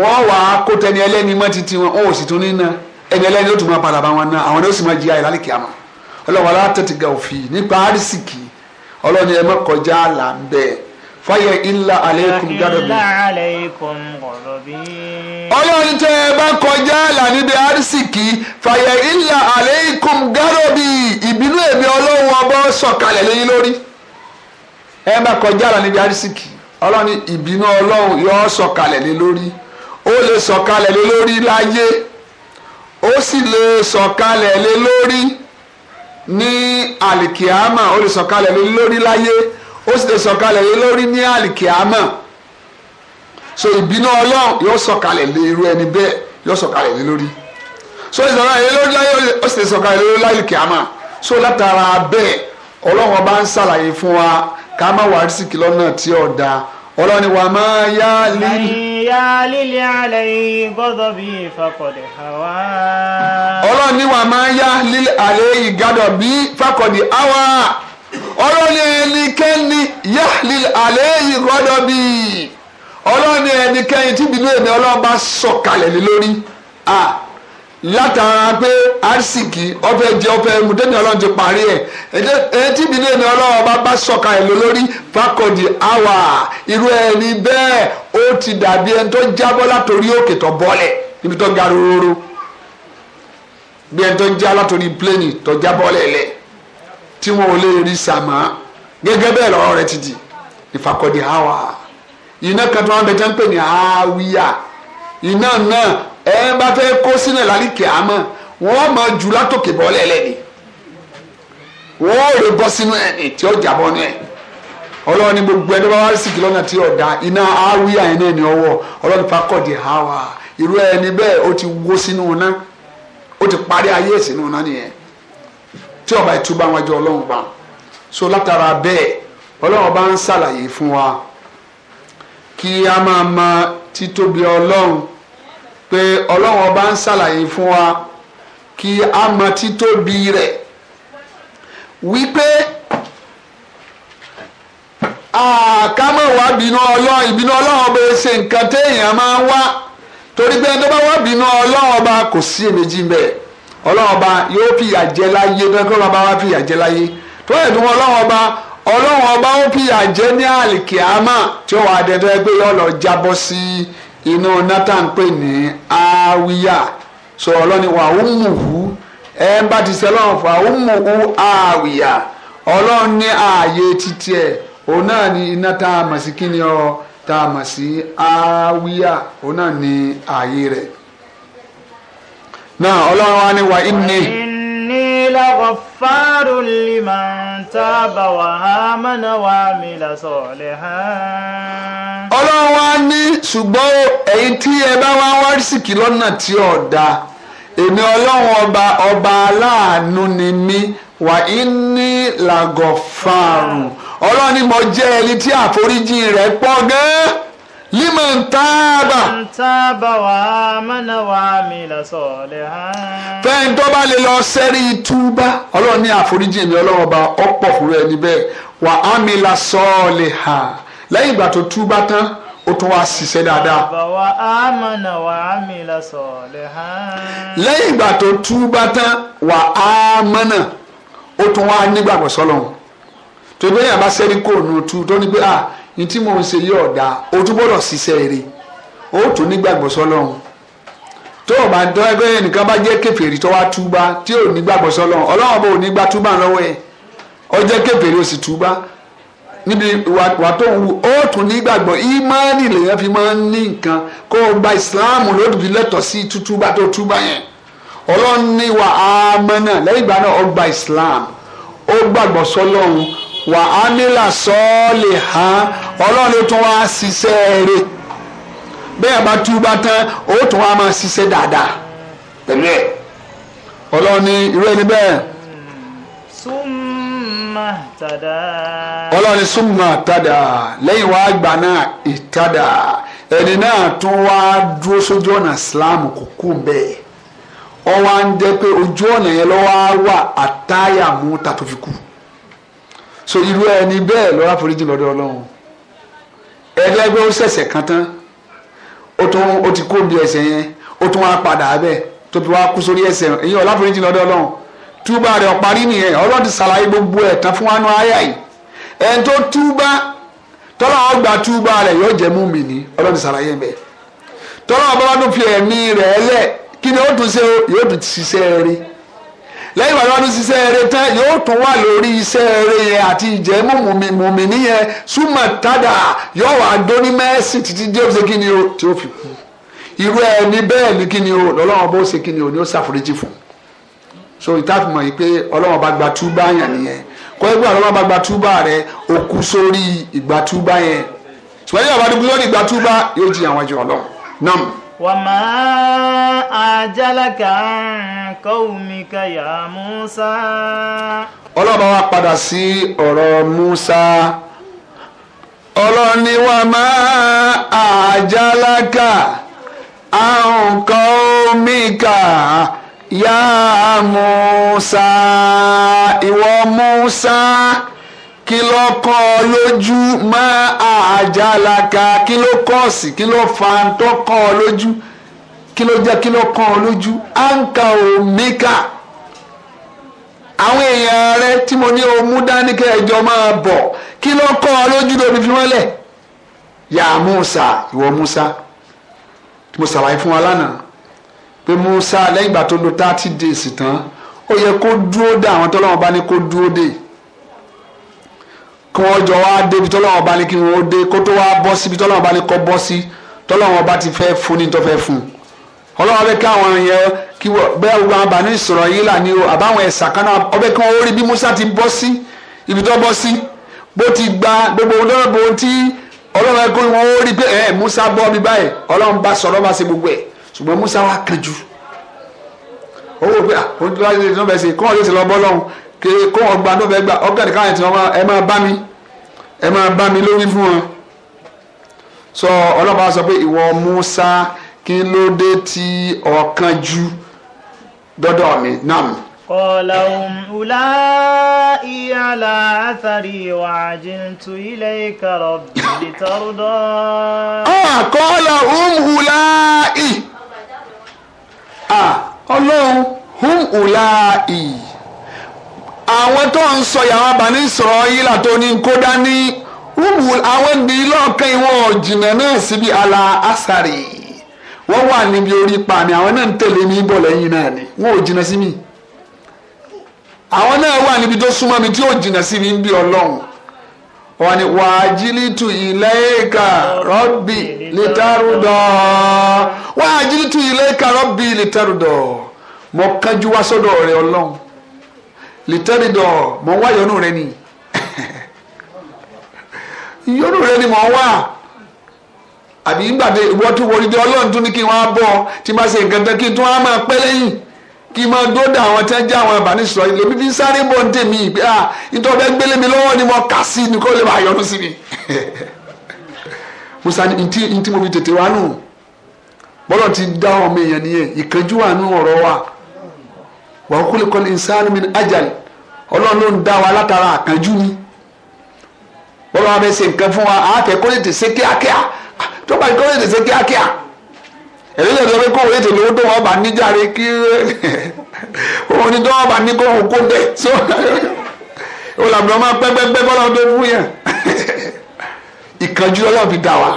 wọ́n wàá kó tẹni ẹlẹ́ni mọ́ titi wọn ó sì tún ní náà. ẹni ẹlẹ́ni ló tún máa padà bá wọn náà àwọn náà sì máa jí ayé lálẹ́ kíámà ọlọ́wọ́ alátẹ̀tẹ̀ gà òfin nípa àrísìkì ọlọ́ni ẹ má kọjá àlà ń bẹ̀ fáyẹ ilà aleikum gàdọ̀bì. ọlọ́ni tẹ́ ẹ bá kọjá àlà níbi àrísìkì fáyẹ ilà aleikum gàdọ̀bì ìbínú èmi ọlọ́run ọbọ̀ sọ̀kalẹ̀ lẹ́yìn lórí ẹ bá kọjá àlà níbi àrísìkì ọlọ́ni ìbínú ọlọ́run yọ sọ̀kalẹ̀ lórí ó lè sọ̀kalẹ̀ lórí láyé ó sì lè sọ̀kalẹ̀ lé lórí ní àlìkìámà ó lè sọ̀kalẹ̀ lé lórí láyé ó sì lè sọ̀kalẹ̀ lé lórí ní àlìkìámà so ìbínú ọlọ́run yóò sọ̀kalẹ̀ lé irú ẹni bẹ́ẹ̀ yóò sọ̀kalẹ̀ lé lórí so ìsọ̀kalẹ̀ lé lórí láyé ó sì lè sọ̀kalẹ̀ lé lórí láìkìámà so látara bẹ́ẹ̀ ọlọ́run ọba ń ṣàlàyé fún wa ká má wàá lọ́nà tí ó dáa ọlọ́ni wà máa yá lè. yá lílé àlẹ́ gọ́dọ̀ bí fakọ̀dẹ̀ hawa. ọlọ́ni wà máa yá lílé àlẹ́ gọ́dọ̀ bí fakọ̀dẹ̀ hawa. ọlọ́ni ẹnikẹ́ni yá lílé àlẹ́ gọ́dọ̀ bí. ọlọ́ni ẹnikẹ́ni tí bínú èmi ọlọ́ba sọ̀kalẹ̀ lórí. Ah, látara pé arsiki ọfẹ jẹ ọfẹ mùtẹ́ni ọlọ́run ti parí ẹ̀ ẹtí ìbílẹ̀ ẹni ọlọ́run bá bá sọ̀ka ẹ̀ lọ lórí fakọ̀dì àwà irú ẹni bẹ́ẹ̀ ó ti dàbí ẹni tó jábọ́ látòrí òkè tó bọ́lẹ̀ níbi tó ga rororo bí ẹni tó já látòrí pléènì tó jábọ́ lẹ̀lẹ̀ tí wọn ò lè rí sàmá gẹ́gẹ́ bẹ́ẹ̀ lọ́rọ̀ rẹ ti di ìfakọ̀dì àwà iná kan tó wọn bẹ tẹ́ ń pè ní àwíyà iná náà ẹ bá fẹ́ kó sílẹ̀ lálìkẹ́ àmọ́ wọ́n máa jù látòkè bọ́ lẹ́lẹ́ni wọ́n ò lè sínú ẹni tí ó jàbọ ní gbogbo ẹni bá wá sí kìlọ́nà tí ọ̀dà iná irú ẹni bẹ́ẹ̀ ó ti wó sínú iná ó ti parí ayé sínú nìyẹn tí so látara bẹ́ẹ̀ bá ń ṣàlàyé wa kí a máa ma títóbi pé ọlọ́run ọba ń ṣàlàyé fún wa kí a mọ títóbi rẹ̀ wípé àkámọ̀ wá bínú ọlọ́run ìbínú ọlọ́run ọba ṣe nǹkan téèyàn máa ń wá torí pé ẹni tó bá wá bínú ọlọ́run ọba kò sí èméjì ń bẹ̀ ọlọ́run ọba yóò fìyà jẹ láyé tó ń bá wá fìyà jẹ láyé tó yẹ fún ọlọ́run ọba ọlọ́run ọba ó fìyà jẹ ní àlìkè àmà tí ó wà dẹ́dẹ́ pé yóò lọ jábọ́ sí i inú nathan pè ní awiya sọ ọlọ́ni wà ó mú wú ẹ bá ti fà ó mú wú awiya ọlọ́run ní ààyè títí ẹ̀ òun náà ní iná tá a mọ̀ sí kíni ọ tá a mọ̀ awiya òun náà ní ààyè rẹ̀ náà ọlọ́run wa ní wà inni laghaffarun liman taba wa amana wa amila salihan. ọlọ́run wa ní ṣùgbọ́n ẹ̀yin tí ẹ bá wá wá rísìkì lọ́nà tí ò dáa èmi ọlọ́run ọba ọba aláàánú ni mí wà inni laghaffarun ọlọ́run ni mo jẹ́ ẹni tí àforíjì rẹ̀ pọ̀ gan-an liman taaba. taaba wa amana wa amila salihan. ha. tó bá lè lọ sẹ́rí túbá ọlọ́run ní àforíjì mi ọlọ́run ọba ọ̀pọ̀ fúnra ẹni bẹ́ẹ̀ wa amila salihan ha. ìgbà tó túbá tán ó tún wá ṣiṣẹ́ dáadáa. àbàwà àmàna wà á mi la sọ̀lẹ̀ hàn. lẹ́yìn ìgbà tó túbá tán wà á mọ̀nà ó tún wá nígbàgbọ́ sọ́lọ́hún tó gbé yàrá sẹ́rí kò nù tó ní pé à ah, ní tí mò ń ṣe yí ọ̀dà o tún gbọ́dọ̀ ṣiṣẹ́ rere o tún nígbàgbọ́ sọ́lọ́run tó o bá ń tọ́ ẹgbẹ́ nìkan bá jẹ́ kèfèrí tó wá túbá tí ò nígbàgbọ́ sọ́lọ́run ọlọ́run bò ní gbà túbá lọ́wọ́ ẹ̀ ọ jẹ́ kèfèrí o sì túbá níbi wà tó ń wù ó tún nígbàgbọ́ ìmánì lèyàn fi máa ń ní nǹkan kó o gba ìsìláàmù lódì fi lẹ́tọ̀ọ́ sí tútúbá tó túbá yẹn ọlọ́run ní wà á náà lẹ́yìn wà á nílà ha ọlọ́run tụwa tún wá ṣiṣẹ́ eré bẹ́ẹ̀ bá túbà tán ó tún wá máa ṣiṣẹ́ dáadáa pẹ̀lú ẹ̀ ọlọ́run ní irú ẹni bẹ́ẹ̀. ọlọ́run ẹni náà tún wá dúró sójú ọ̀nà Islam kò kú bẹ́ẹ̀ ọ wá ń jẹ́ pé so irú ẹni bẹ́ẹ̀ lọ́wọ́ àforíjì lọ́dọ̀ ọlọ́run ẹ̀ẹ́dẹ́gbẹ́ ó ṣẹ̀ṣẹ̀ kan tán ó tún ó ti kó bí ẹ̀ṣẹ̀ yẹn ó tún wá padà abẹ́ tó fi wá kú sórí ẹ̀ṣẹ̀ èyí ọ̀làforíjì lọ́dọ̀ ọlọ́run túbà rẹ̀ ọ̀parí nìyẹn ọlọ́run ti ṣàlàyé gbogbo ẹ̀ tán fún wánú ayá yìí ẹni tó túbà tọ́lá ọgbà túbà rẹ̀ yóò jẹ́ mú mi ní ọlọ́run ti ṣàlàyé bẹ́ẹ̀ tọ́lá ọgbà wá tún fi ẹ̀mí rẹ̀ ẹlẹ́ kí ni ó tún ṣe yóò tún ṣiṣẹ́ rí lẹ́yìn ìgbà tó bá tún ṣiṣẹ́ eré tán yóò tún wà lórí iṣẹ́ eré yẹn àti ìjẹ́ mùmùmí nìyẹn súnmọ̀ tádà yóò wà dóní mẹ́sì títí díẹ̀ ṣe kí ni o tí ó fi kú irú ẹni bẹ́ẹ̀ ni kí ni o lọ́lọ́wọ́ bó ṣe kí ni o ni ó ṣàforíjì fún so ìtàkùmọ̀ yìí pé ọlọ́wọ́ bá gba túbá yàn nìyẹn kọ́ ẹgbẹ́ ọlọ́wọ́ bá gba túbá rẹ ó kú sórí ìgbà túbá yẹn ṣùgbọ́n yóò وما أعجلك عن قومك يا موسى ọlọ́ba wa padà sí ọ̀rọ̀ Musa ọlọ́ni wa máa àjàlákà àwọn kọ́míkà yá ìwọ Musa kí ló kọ́ ọ lójú máa àjàlàkà kí ló kọ́ sí kí ló fa tó kọ́ ọ lójú kí ló jẹ́ kí ló kọ́ ọ lójú àǹkà òmíkà àwọn èèyàn rẹ tí mo ní o mú dání kí ẹjọ máa bọ̀ kí ló kọ́ ọ lójú lórí fi wọ́n lẹ̀ yà Musa ìwọ Musa tí mo ṣàlàyé fún wa lánàá pé Musa lẹ́yìn ìgbà tó lo thirty days tán ó yẹ kó dúró dé àwọn tọ́lọ́wọ́n bá ní kó dúró dé yìí kí wọ́n jọ wá débi tọ́lọ́wọ́n bá ní kí wọ́n dé kó tó wá bọ́ síbi tọ́lọ́wọ́n bá ní kó bọ́ sí tọ́lọ́wọ́n bá ti fẹ́ fún ní tó fẹ́ fún un ọlọ́wọ́n bẹ kí àwọn yẹn kí bẹ́ẹ̀ wọ́n àwọn Bani Israila ni o àbáwọn ẹ̀sà kan ọbẹ̀ kí wọ́n rí bí Musa ti bọ́ sí ibi tó bọ́ sí bó ti gba gbogbo ọlọ́wọ́ tí ọlọ́wọ́n kó wọn rí pé ẹ Musa bọ́ mi báyìí ọlọ́wọ́n bá sọ̀rọ̀ bá ṣe gbogbo ẹ̀ ṣùgbọ́n kí kó wọn gba tó fẹ́ gbà ọkàn nìkan àti wọn ẹ máa bá mi ẹ máa bá mi lórí fún wọn. sọ ọlọ́pàá sọ pé ìwọ Musa kí ló dé tí ọ̀kan ju dọ́dọ̀ mi náà mi. قال هم أولئي على أثري وعجلت إليك ربي لترضى آه قال هم أولئي آه قال لهم هم أولئي àwọn tó ń sọ yàrá bàní sọ̀rọ̀ yìí là tó ní kó dání wúwú àwọn ní lọ́ọ̀kan ìwọ̀n jìnnà náà síbi àlà àṣàrè wọ́n wà níbi orí pàmì àwọn náà ń tẹ̀lé mi bọ̀ lẹ́yìn náà ni wọ́n ò jìnnà sí mi àwọn náà wà níbi tó súnmọ́ mi tí ò jìnnà sí mi ń bí ọlọ́run wọ́n ní wàájìlítù ìlẹ́ẹ̀kà rọ́bì lítàrúdọ̀ wàájìlítù ìlẹ́ẹ̀kà rọ́bì lítàrúdọ̀ mọ̀ kánjú wá sọ́dọ̀ rẹ̀ ọlọ́run lìtẹ́rìdọ̀ mọ̀ ń wá ìyọnu rẹ ni ìyọnu rẹ ni mọ̀ ń wá àbí nígbà tí ìwọ tó wọlé jẹ ọlọ́run tún ní kí wọ́n á bọ̀ tí máa ṣe nǹkan tán kí n tún á máa pẹ́ lẹ́yìn kí n máa dódà àwọn tí wọ́n já àwọn àbánisọ̀ ilé mi fi ń sáré bọ̀ ní tèmi ìgbé à nítorí ọbẹ̀ gbélé mi lọ́wọ́ ni mo kà sí ni kó lè máa yọnu sí mi. musa ní ntí mo fi tètè wá nù bọ́lọ̀ ti dá ọmọ èèyàn nìyẹn ìkánjú wà nù ọ̀rọ̀ wa wa khuliqa al-insanu min ajal ọlọ́run ló ń dá wa látara àkànjú ni bọ́lá wa bẹ́ẹ̀ ṣe nǹkan fún wa àáfẹ́ kó lè tè ṣe kíákíá tó bá kó lè tè ṣe kíákíá èyí lè sọ pé kó lè tè lówó tó wọn bá níjàre kí òun ni tó wọn bá ní kó òun kó dé so ó làbùdó máa pẹ́pẹ́pẹ́ bọ́lá tó fún yẹn ìkànjú ọlọ́run fi dá wa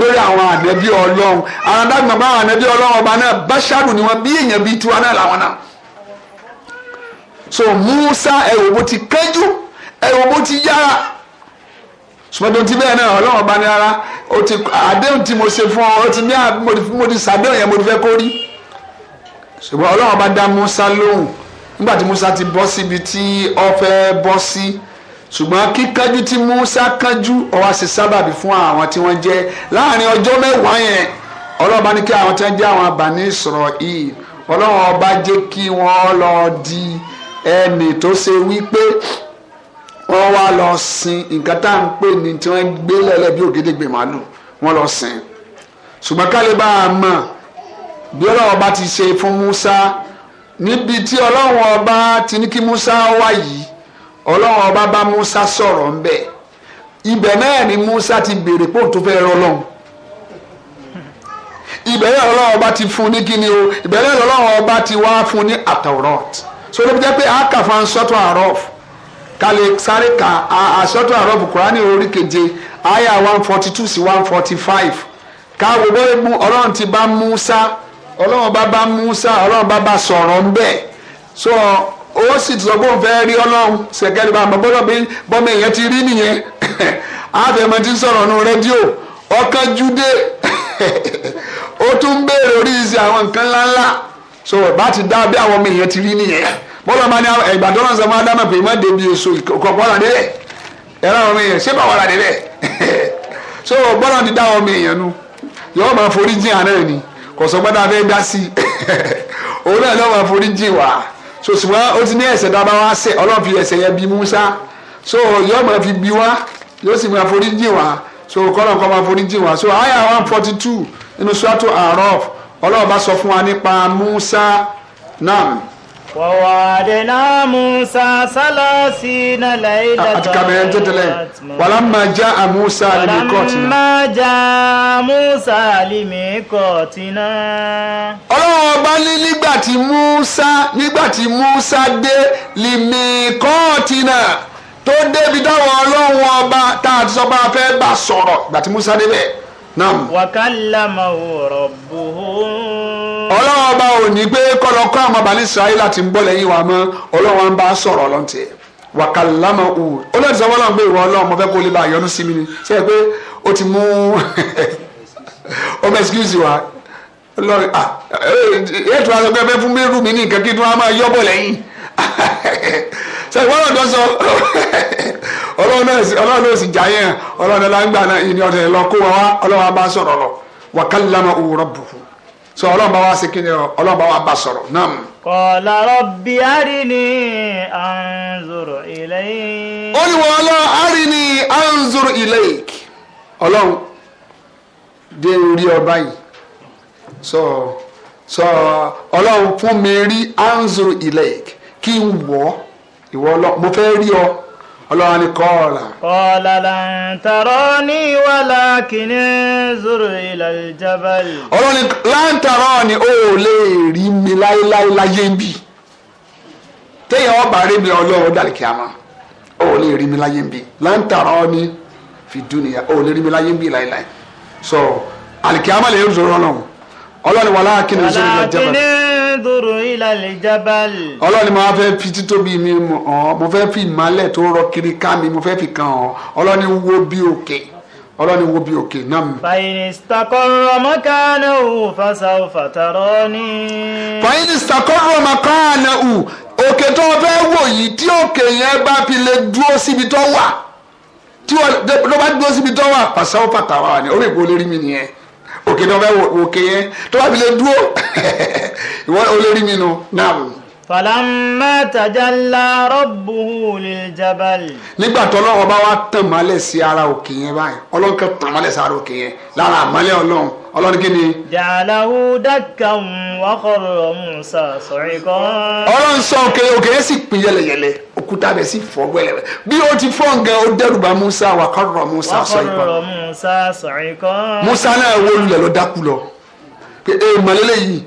lórí àwọn ànẹ́bí ọlọ́run àwọn adágbọ̀n bá àwọn ànẹ́bí ọlọ́run ọba náà báṣárù ni wọ́n bí èèyàn bíi tiwa náà làwọn náà so Musa ẹ̀wò bó ti kánjú ẹ̀wò bó ti yára sọmọdún ti bẹ́ẹ̀ náà ọlọ́run ọba ní rárá àdéhùn tí mo ṣe fún ọ ọ ti ní mo ti sàdéhùn yẹn mo fẹ́ kó rí ṣùgbọ́n ọlọ́run ọba dá Musa lóhùn nígbà tí Musa ti bọ́ síbi tí ọ fẹ́ bọ́ sí ṣùgbọ́n kíkánjú tí Musa kánjú ó wá ṣe sábàbí fún àwọn tí wọ́n jẹ́ láàrin ọjọ́ mẹ́wàá yẹn ọlọ́run ọba ní kí àwọn tí wọ́n jẹ́ àwọn Bani Israel ọlọ́run ọba jẹ́ kí wọ́n lọ di ẹnì tó ṣe wípé wọ́n wá lọ sin nǹkan tá à ń pè ní tí wọ́n gbé lẹ́lẹ́ bí ògédègbè màálù wọ́n lọ sin ṣùgbọ́n kálí bá a mọ̀ bí ọlọ́run ọba ti ṣe fún Musa níbi tí ọlọ́run ọba ti ní kí Musa wá yìí ọlọ́run ọba bá Musa sọ̀rọ̀ ńbẹ̀ ibẹ̀ náà ni Musa ti béèrè pò tó fẹ́ rọ lọ́hùn ibẹ̀ náà ọlọ́run ọba ti fún ní kíni o ibẹ̀ náà ọlọ́run ọba ti wá fún ní àtọ̀rọ̀tì so ló fi jẹ́ pé a kà sọ́tọ̀ àrọ́f ká lè sáré ka àsọ́tọ̀ àrọ́f ní orí keje aya one forty two sí one forty five ká bóyá mú ọlọ́run ti bá Musa sọ̀rọ̀ ń so ó sì ti sọ pé òun fẹ́ rí ọlọ́run bá bọ́dọ̀ bí bọ́mọ èèyàn ti rí nìyẹn ti sọ̀rọ̀ so bá ti dá bí àwọn ọmọ èèyàn ti bọ́lá bá ní ẹ̀gbà tó lọ́sẹ̀ máa dáná pé má débi èso ìkọ̀kọ̀ là délẹ̀ ẹ̀rọ ọmọ èèyàn ṣé báwa là délẹ̀ so bọ́lá ti dá ọmọ èèyàn nu yọ̀ọ́ máa forí jìn àná ẹ̀ ni kò sọ pé dáa fẹ́ dá sí òun náà lọ́ọ́ máa forí jìn wá so ṣùgbọ́n ó ti ní ẹ̀ṣẹ̀ dábàá wá ṣẹ̀ ọlọ́run fi ẹ̀ṣẹ̀ yẹn bí Musa so yọ̀ọ́ máa fi bí wá yóò sì máa forí jìn wá so kọ́lọ̀ kọ́ máa forí jìn wá so àyà one forty two nínú suwato Araf ọlọ́run bá sọ fún wa nípa Musa náà. ووعدنا موسى ثلاثين ليلة ولما جاء موسى لميقاتنا ولما جاء موسى لميقاتنا ọlọ́wọ́ bá ní nígbà tí Musa nígbà tí Musa dé lìmíkọ́ọ̀tìnà tó débi táwọn ọlọ́run ọba tá a ti sọ bá a fẹ́ bá sọ̀rọ̀ ìgbà tí Musa débẹ̀ náà. wàkàlámà ò rọ̀ bò ó. ọlọ́run ọba ò ní gbé àwọn wa mọ́ ń bá sọ̀rọ̀ wàkàlámà sọ́wọ́ pé ìwọ ọlọ́run mo fẹ́ kó lè bá yọnu sí ti mú ọmọ excuse wa lọ́rọ̀ ah ẹ̀ eh, eh, tó sọ pé ẹ fẹ́ fún mi rú mi ní nǹkan kí tí wọ́n á máa yọ́bọ̀ lẹ́yìn sọ ìwọ náà so ọlọ́run bá wa ṣe kí ni ọ ọlọ́run bá wa bá sọ̀rọ̀ náà. kọ̀ọ̀lá rọ̀bì àrìní àǹzòrò ilẹ̀ yìí. ó ní wọ́n ọlọ́ àrìní àǹzòrò ilẹ̀ yìí ọlọ́run dé orí ọba yìí sọ sọ ọlọ́run fún mi rí àǹzòrò ilẹ̀ kí n wọ̀ ìwọ ọlọ́run mo fẹ́ rí ọ ọlọ́run ni kọ́ọ̀là. kọ́ọ̀là là ń tàrọ́ ní wàlá kìíní zoro ilà ìjábàlì. ọlọ́run ni là ń tàrọ́ ni ó lè rí mi láéláé láyé ń bì téèyàn ọba rí mi ọlọ́run dàlí kí a mọ̀ ó lè rí mi láyé ń bì là ni fi dúnìyà ó lè rí mi láyé ń bì láéláé so àlìkí a mọ̀ lè rí zoro ọlọ́run ọlọ́ni wàlá akínú ìṣòro ìlà jabal. wàlá akínú ìṣòro ìlà jabal. ọlọ́ni mo fẹ́ fi títóbi mi hàn mo fẹ́ fi ìmálẹ̀ tó rọ kiri ká mi mo fẹ́ fi kàn ọ́ ọlọ́ni wo bí òkè ọlọ́ni wo bí òkè náà. fàyìn istakọrọ mọ́kànnà ù fàṣàù fàtàrọ ni. fàyìn istakọrọ mọ́kànnà ù òkè tó o fẹ́ wò yìí tí òkè yẹn bá fi lè dúró síbi tó wà tí wọ́n bá dúró síbi tó wà fàṣàù fàtàrọ ni orí ìbò lè rí mi nìyẹn òkè náà fẹ́ wò òkè yẹn tó bá fi lè dúró ìwọ olórí mi nu náà falamma tajalla rabbuhu liljabal. nígbà tó Ọlọ́run bá wá tàn mọ́lẹ̀ sí ara òkè yẹn báyìí Ọlọ́run kan tàn mọ́lẹ̀ sí ara òkè yẹn lára àmọ́lẹ̀ Ọlọ́run Ọlọ́run kí ni. ja'alahu dakkan wa Musa sa'iqa. Ọlọ́run sọ òkè òkè yẹn sì pín yẹlẹyẹlẹ òkúta bẹ̀ sí fọ́ wẹ́lẹ́wẹ́ bí ó ti fọ́ nǹkan ó dẹ́rùbà Musa wa Musa sa'iqa. wa Musa sa'iqa. Musa náà wó lọ dákú lọ pé èèmọ̀ lélẹ́yìí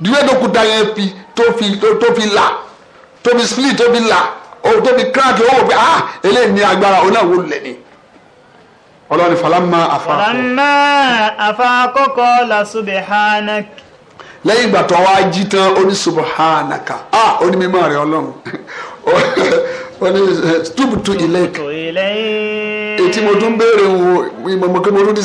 díẹ̀ lókùtà yẹn fi tó fi tó fi là tó fi split tó fi là tó fi crack ó wò ah eléyìí ní agbára òun náà wò lẹ́ni ọlọ́ni falama afa. falama afa kọ́kọ́ la subahának. lẹ́yìn ìgbà tó wá jí tán ó ní subahának ah ó ní mímọ́ rẹ̀ ọlọ́run ó ní túbùtù ilẹ̀k etí mo tún béèrè wo mo tún ti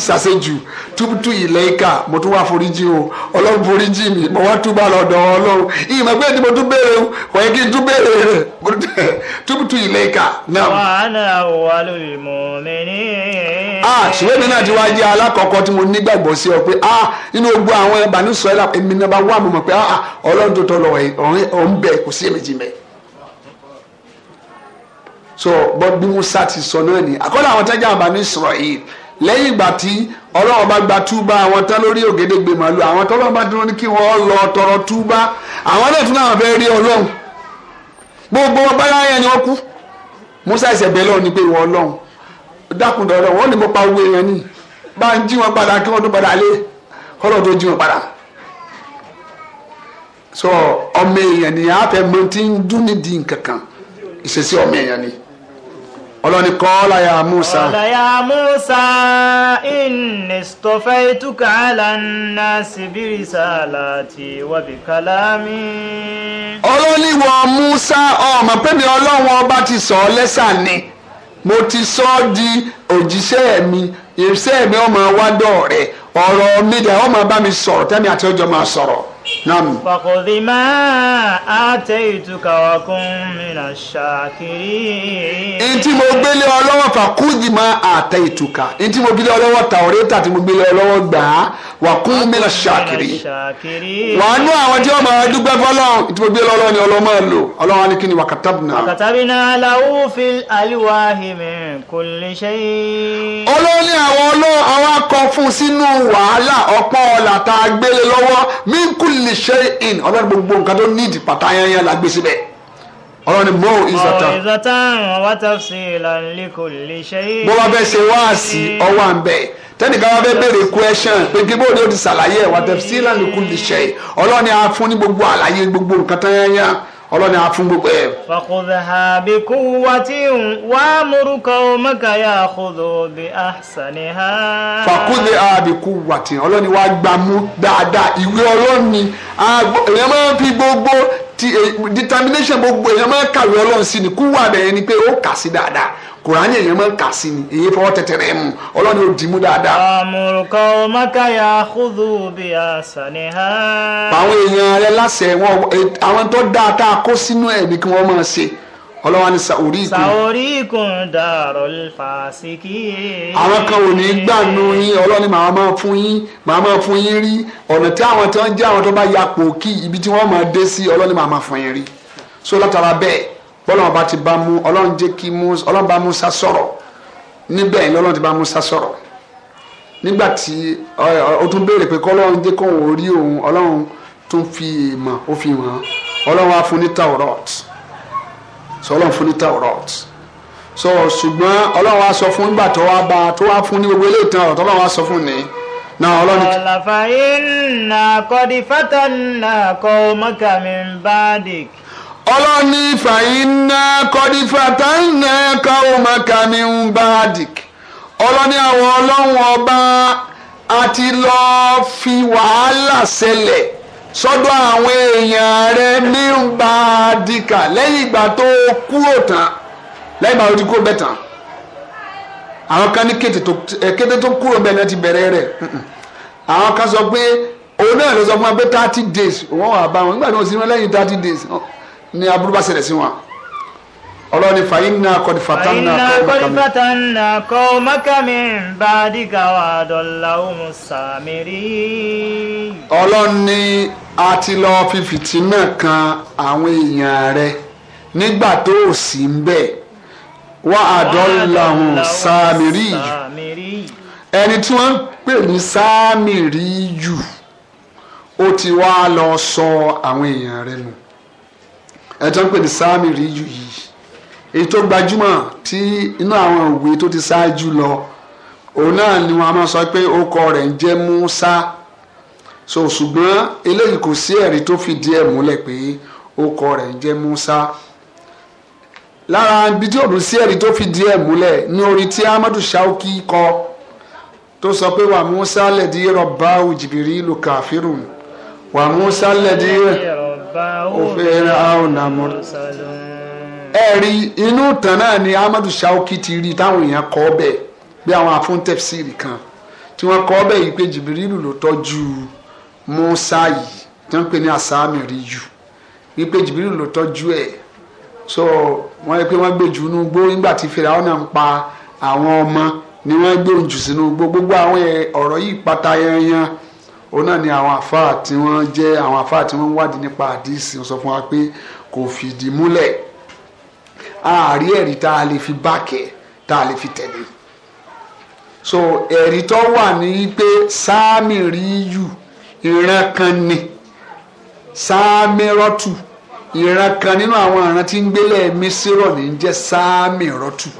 sàṣe jù túbùtù ilẹ̀ka mo tún wá foríjì o ọlọ́run foríjì mi mo wá túbà lọ́dọ̀ ọlọ́run ìyìn mọ̀ pé etí mo tún béèrè o kò yẹ kí n tún béèrè rẹ̀ túbùtù ilẹ̀ka náà. wàhálà wà lórí mọ̀mẹ́ni ah ṣùgbọ́n èmi náà ti wá jẹ́ alákọ̀ọ́kọ́ tí mo nígbàgbọ́ sí ọ pé ah nínú gbogbo àwọn ẹ̀bà ní sọ́yà ah ọlọ́run tó tọ́ lọ ọ̀hún bẹ̀ so bí Musa ti sọ náà ni àkọ́dọ̀ àwọn tẹ́jà àbá ní Israel lẹ́yìn ìgbà tí ọlọ́run bá gba túbá àwọn tán lórí ògèdègbè màlúù àwọn tọ́lọ́run bá dúró ní kí wọ́n lọ tọrọ túbá àwọn náà tún náà fẹ́ rí ọlọ́run gbogbo báyà yẹn ni wọ́n kú Musa ẹsẹ̀ bẹ́ẹ̀ lọ́wọ́ ni pé ìwọ ọlọ́run dákúndọ̀ ọlọ́run wọ́n ní mo pa owó yẹn ni bá ń jí wọn padà kí wọ́n tún padà lé kọ́lọ́ tó jí wọn padà so ọmọ èèyàn ni àá fẹ́ mọ tí ń dún nídìí nǹkan kan ìṣesí ọmọ èèyàn ni ọlọ́ni kọ́ọ́lá ya musa. ọ̀la ya musa inni stofaytuka ala nnasi bi risalati wa bi kalami. ọlọ́ni wọ musa ọmọ pẹ́mi ọlọ́run ọba ti sọ ọ́ lẹ́sà ni mo ti sọ ọ́ di òjíṣẹ́ mi ìṣe mi ọmọ wádọ̀ rẹ̀ ọ̀rọ̀ mi dẹ̀ ọmọ bá mi sọ̀rọ̀ tẹ́mi àti ọjọ́ máa sọ̀rọ̀. نعم فخذ ما آتيتك وكن من الشاكرين ntí mo gbélé ọ lọ́wọ́ fàkúndì máa àtẹ ìtùkà mo gbélé ọ lọ́wọ́ tàwọ́rẹ́tà tí mo gbélé ọ lọ́wọ́ gbà á wà kún mí lọ ṣàkìrí wà á nú àwọn tí wọ́n máa dúpẹ́ fọlọ́run ntí mo gbélé ọlọ́wọ́ ni ọlọ́wọ́ máa lò ọlọ́wọ́ ni kí ni wàkàtàbìnà. wàkàtàbìnà làwọn òfin àlùwà hìmẹ̀ kò lè ṣe é. ni àwọn ọlọ́ àwọn akọ fún sínú wàhálà ọ̀pọ̀ ọ̀là tá a gbélé lọ́wọ́ mí kùl kulli shay'in ọlọ́run gbogbo nǹkan tó ní ìdí pàtà yányán la gbé síbẹ̀ ọlọ́run ni mọ́ ìzàtà. mọ́ ìzàtà wà tafsilan li kulli shay'in. bó wá bẹ́ẹ̀ ṣe wáàsí ọwọ́ à ń bẹ̀ tẹ́nìkan wá bẹ́ẹ̀ béèrè question pé kí bóde ó ti ṣàlàyé wà tafsilan li kulli shay'in ọlọ́run ni a fún ní gbogbo àlàyé gbogbo nǹkan tán yányán ọlọ́ni a fún gbogbo ẹ̀. fàkùdàhà bí kú wá tí wà á múrúkọ mẹ́ka yà á kúdò bí a sàní ha. fàkùdàhà bí kú wá tí ọlọ́ni wàá gbàmú dáadáa ìwé ọlọ́ni èèyàn máa ń fi gbogbo ti eh, determination gbogbo èèyàn máa ń kàwé ọlọ́run sí ni kú wà bẹ́ẹ̀ ni pé ó kà sí dáadáa kùránì èèyàn máa ń kà sí ni èyí fọwọ́ tẹ̀tẹ̀rẹ̀ mu ọlọ́run ó dì dáadáa. àmùrùkọ mákàyà kúdù bí àṣàní ha. àwọn èèyàn rẹ láṣẹ wọn eh, àwọn tó dáa tá a kó sínú ẹ̀ ni kí wọ́n máa ṣe ọlọ́wọ́n ni sàórì kùn. sàórì kùn dàrọ̀ fàṣíkì. àwọn kan ò ní gbà nù yín ọlọ́ni màá máa fún yín màá máa fún yín rí ọ̀nà tí àwọn tó ń jẹ́ àwọn tó bá ya pòkì ibi tí wọ́n máa dé sí ọlọ́ni màá máa fún yín rí. so látara bẹ́ẹ̀ bọ́lọ́wọ́n bá ti bá mú ọlọ́run jẹ́ kí ọlọ́run bá Musa sọ̀rọ̀ níbẹ̀ ni ọlọ́run ti bá Musa sọ̀rọ̀ nígbà tí ó tún béèrè pé kọ́lọ́run jẹ́ kóun orí òun ọlọ́run tún fi ìmọ̀ ó fi hàn ọlọ́run á fún ní Taurat sọ ọlọ́run fún ní taurat sọ ṣùgbọ́n ọlọ́run á sọ fún nígbà tó wá bá tó wá fún ní gbogbo eléyìí tán ọ̀rọ̀ tó ọlọ́run á sọ fún ni náà ọlọ́run. ọ̀làfà iná kọ́dí fátánà kọ́ mọ́kà mi ń bá dìk. ọlọ́run ní fàyínà kọ́dí fátánà kọ́ mọ́kà mi ń bá dìk ọlọ́ni àwọn ọlọ́run ọba àti lọ́ọ́ fi wàhálà ṣẹlẹ̀ sọ́dọ̀ àwọn èèyàn rẹ ní bá a dìkà lẹ́yìn ìgbà tó kúrò tán lẹ́yìn ìgbà tó ti kúrò bẹ́ẹ̀ tán àwọn kan ní kété tó kúrò bẹ́ẹ̀ náà ti bẹ̀rẹ̀ rẹ̀ àwọn kan sọ pé òun náà ló sọ fún wa pé thirty days wọ́n wà bá wọn nígbà tí wọ́n sì lẹ́yìn thirty days ni aburú bá ṣẹlẹ̀ sí wọn ọlọ́ni fàyínà kọ́ni fatanna kọ́ makami bàdíkà wà dọ̀là òmù sàmìrì. ọlọ́ni a ti lọ fi fìtínà kan àwọn èèyàn rẹ nígbà tó o sì ń bẹ̀ wà á dọ̀là òmù sàmìrì ẹni tí wọ́n ń pè ní sàmìrì jù ó ti wá lọ sọ àwọn èèyàn rẹ nù ẹ̀ tó ń pè ní sàmìrì jù yìí èyí tó gbajúmọ̀ tí inú àwọn òwe tó ti ṣáájú lọ òun náà ni wọn a máa sọ pé orúkọ rẹ̀ ń jẹ́ Musa so ṣùgbọ́n eléyìí kò sí ẹ̀rí tó fìdí ẹ̀ múlẹ̀ pé orúkọ rẹ̀ ń jẹ́ Musa lára ibi tí òun sí ẹ̀rí tó fìdí ẹ̀ múlẹ̀ ní orin tí Amadu Shauki kọ tó sọ pé wà Musa lẹ́dí rọ̀bá òjìbìrì ìlú kàfírùn wà Musa lẹ́dí òfin àwọn ẹ̀rí inú ìtàn náà ni amadu Shauki ti rí táwọn èèyàn kọ́ bẹ́ẹ̀ bí àwọn afúntẹ̀síìrì kan tí wọ́n kọ́ bẹ́ẹ̀ yìí pé Jìbìrìlù ló tọ́jú Musa yìí tí wọ́n pè ní asámìrì yù wípé Jìbìrìlù ló tọ́jú ẹ̀ so wọ́n yẹ pé wọ́n gbé jù inú gbó nígbà tí fèrè àwọn náà ń pa àwọn ọmọ ni wọ́n gbé jù sínú gbó gbogbo àwọn ọ̀rọ̀ yìí pátá yanyan òun náà ni àwọn àfáà tí wọ́n jẹ́ àwọn àfáà tí wọ́n ń wádìí nípa àdìsí wọ́n sọ fún wa pé kò fìdí múlẹ̀ àárí ẹ̀rí tá a lè fi báàkì tá a lè fi tẹ̀lé so ẹ̀rí tó wà ní pé sáàmì rí yù ìran kan ni sáàmì rọ́tù ìran kan nínú àwọn ìran tí ń gbélé mísírọ̀ ní jẹ́ sáàmì rọ́tù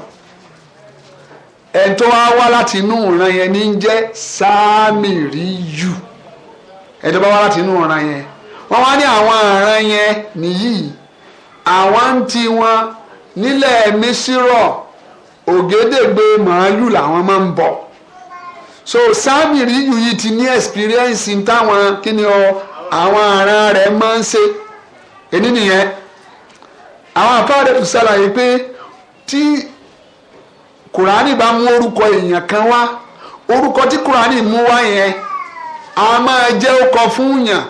ẹni tó wá wá láti inú ìran yẹn ní jẹ́ sáàmì rí yù ẹni tó bá wá láti inú ìran yẹn wọ́n wá ní àwọn ìran yẹn nìyí àwọn ti wọn nílẹ̀ mísírọ̀ ògédègbè màálù làwọn máa ń bọ̀ so sámìrì yìí ti ní experience táwọn kíni o àwọn ará rẹ̀ máa ń ṣe èyí nìyẹn àwọn afáàdé tó ṣàlàyé pé tí kùránì bá mú orúkọ èèyàn kan wá orúkọ tí kùránì mú wá yẹn a máa jẹ́ ọkọ fún yàn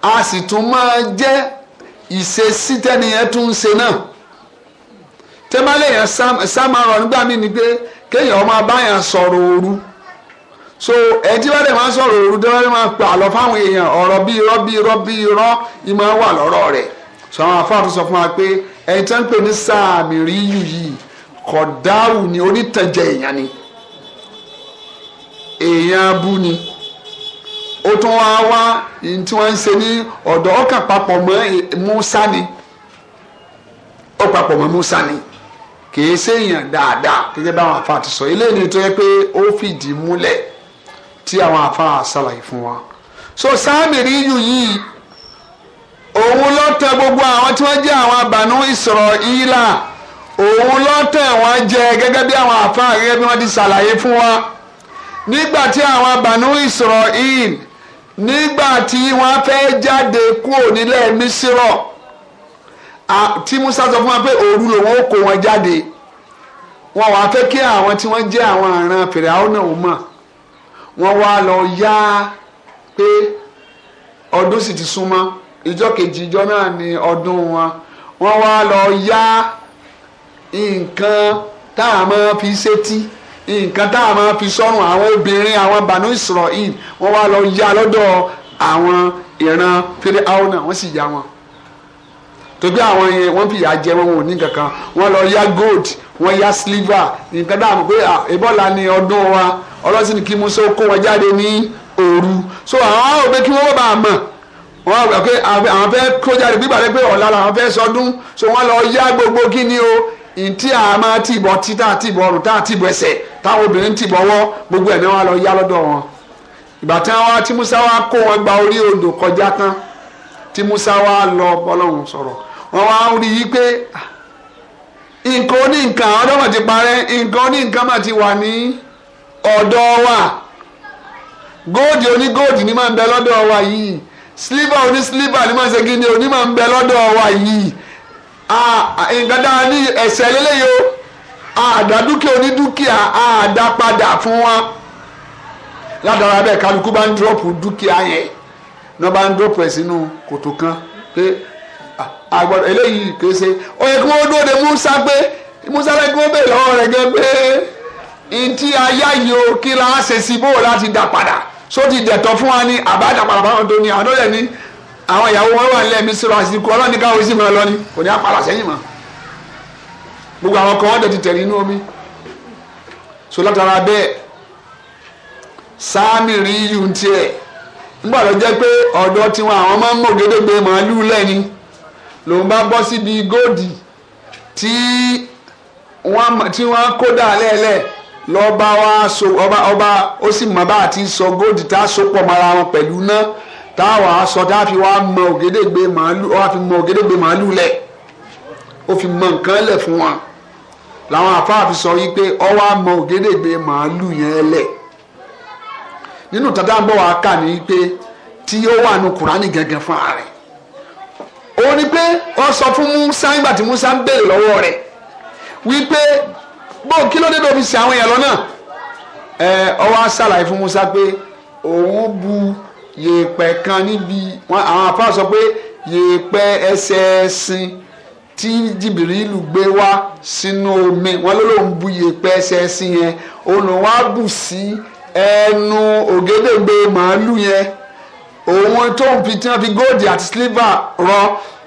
a sì tún máa jẹ́ ìṣesí tẹ́niyẹn tún ń ṣe náà tẹ́málẹ̀ yẹn sámárọ̀ nígbà míì ni pé kéèyàn ọmọ abáyàn sọ̀rọ̀ ooru so ẹtí bá dẹ̀ máa ń sọ̀rọ̀ ooru tẹ́wọ́n dẹ̀ máa pa àlọ́ fáwọn èèyàn ọ̀rọ̀ bí irọ́ bí irọ́ bí irọ́ ìmọ̀ wà lọ́rọ̀ rẹ̀ sọ àwọn afáàtú sọ fún wa pé ẹni tẹ́ ń pè ní sáàmì ríyù yìí kọ̀dáwù ni onítẹ̀jẹ̀ èèyàn ni èèyàn abú ni ó tún wá wá tí wọ́n ń ṣe ní ọ̀dọ̀ ọkà papọ̀ mọ́ Musa ni ó papọ̀ mọ́ Musa ni kìí ṣèyàn dáadáa gẹ́gẹ́ bá àwọn afa ti sọ eléyìí ni tó yẹ pé ó fìdí múlẹ̀ tí àwọn afa ṣàlàyé fún wa so sáàmìrì yù yìí òun ló tẹ gbogbo àwọn tí wọ́n jẹ́ àwọn àbànú Ísírẹ́lì òun ló tẹ wọ́n jẹ gẹ́gẹ́ bí àwọn afa gẹ́gẹ́ bí wọ́n ti ṣàlàyé fún wa nígbà tí àwọn àbànú Ísírẹ́lì nígbà tí wọ́n fẹ́ jáde kúrò nílẹ̀ mísírọ̀ tí Musa sọ fún wa pé òru lòun ó kó wọn jáde wọn wàá fẹ́ kí àwọn tí wọ́n jẹ́ àwọn àràn fèrè àwọn náà mọ̀ wọ́n wá lọ yá pé ọdún sì ti súnmọ́ ìjọ kejì ìjọ náà ni ọdún wọn wọ́n wá lọ yá nǹkan tá a máa fi ṣétí nǹkan tá a máa fi sọ́rùn àwọn obìnrin àwọn bànú Israel wọ́n wá lọ yá lọ́dọ̀ àwọn ìran fèrè náà wọ́n sì yá wọn tóbi àwọn yẹn wọ́n fìyà jẹ wọn ò ní kankan wọ́n lọ ya gold wọ́n ya silver nǹkan dáhùn pé ìbọ́là ni ọdún wa ọlọ́sìn ni kí musa kó wọn jáde ní òru so àwọn ò pé kí wọ́n bá a mọ̀ wọ́n gbà pé àwọn fẹ́ kó jáde gbígbà rẹ pé ọ̀la làwọn fẹ́ sọdún so wọ́n lọ ya gbogbo kí ni o ntí a máa tìbọ̀ tí tá a tìbọ̀ ọrùn tá a tìbọ̀ ẹsẹ̀ táwọn obìnrin tìbọ̀ wọ́ gbogbo ẹ̀mí wọn lọ yá lọ́dọ̀ wọn ìgbà tí wọn ti musa wa kó wọn gba orí odò kọjá tán tí musa wa lọ bọ́lọ́hún sọ̀rọ̀ wọ́n wá rí i pé ah, nǹkan oníǹkan ọ̀dọ́ mà ti parẹ́ nǹkan oníǹkan mà ti wà ní ọ̀dọ̀ wa góòdì onígóòdì ni máa ń bẹ lọ́dọ̀ wa yìí sílíbà onísílíbà ni máa ń ṣe kí ni òní máa ń bẹ lọ́dọ̀ wa yìí ah, nǹkan dára ní ẹ̀sẹ̀ lélẹ́yìí o àdá onídúkìá àdá fún wa ládàra bẹ́ẹ̀ kálukú bá ń dúrọ́pù dúkìá yẹn ní wọ́n bá ń dúrọ́pù ẹ̀ sínú kòtò kan pé. àgbọ̀dọ̀ eléyìí kìí ó yẹ kí Musa pé Musa lẹ́kí wọ́n bèèrè lọ́wọ́ rẹ̀ gẹ́ pé ntí o kí la ṣe sí bó láti dá padà só ti dẹ̀tọ̀ fún wa ní báwọn tó ní ní àwọn ìyàwó wọn wà àti kú ọlọ́ni kò ní mọ́ gbogbo àwọn kan wọ́n dẹ̀ ti tẹ̀lé inú omi so látara bẹ́ẹ̀ sáàmì rí tiẹ̀ jẹ́ pé ọ̀dọ́ tiwọn àwọn máa ń mọ̀ gédégbé lòun bá bọ́ síbi góòdì tí wọ́n kó dà lẹ́ẹ̀lẹ́ lọ́ba wa so ọba ọba ó sì mọ̀ bá àti sọ góòdì tá a so pọ̀ mọ́ra wọn pẹ̀lú náà táwa sọ tá a fi wá mọ ògédégbé màálù wá fi mọ ògédégbé màálù lẹ̀ ó fi mọ nǹkan lẹ̀ fún wa làwọn àfáà fi sọ wípé ọwọ́ á mọ ògédégbé màálù yẹn lẹ̀ nínú tàdá ń kà ní pé tí ó wà nù kùránì gẹ́gẹ́ fún ààrẹ òun ni pé wọ́n sọ fún Musa nígbà tí Musa ń béèrè lọ́wọ́ rẹ̀ wípé bó kí ló dé tó fi ṣe àwọn èèyàn lọ́nà ẹ ọwọ́ á ṣàlàyé fún Musa pé òun bu yèèpẹ̀ kan níbi àwọn afá sọ pé yèèpẹ̀ ẹsẹ̀ ẹṣin tí jìbìrìlù gbé wá sínú omi wọn ló lóun bu yèèpẹ̀ ẹsẹ̀ ẹṣin yẹn òun lòun á bù sí ẹnu ògédègbè màálù yẹn òun tó ń fi tí wọ́n fi góòdì àti sílífà rọ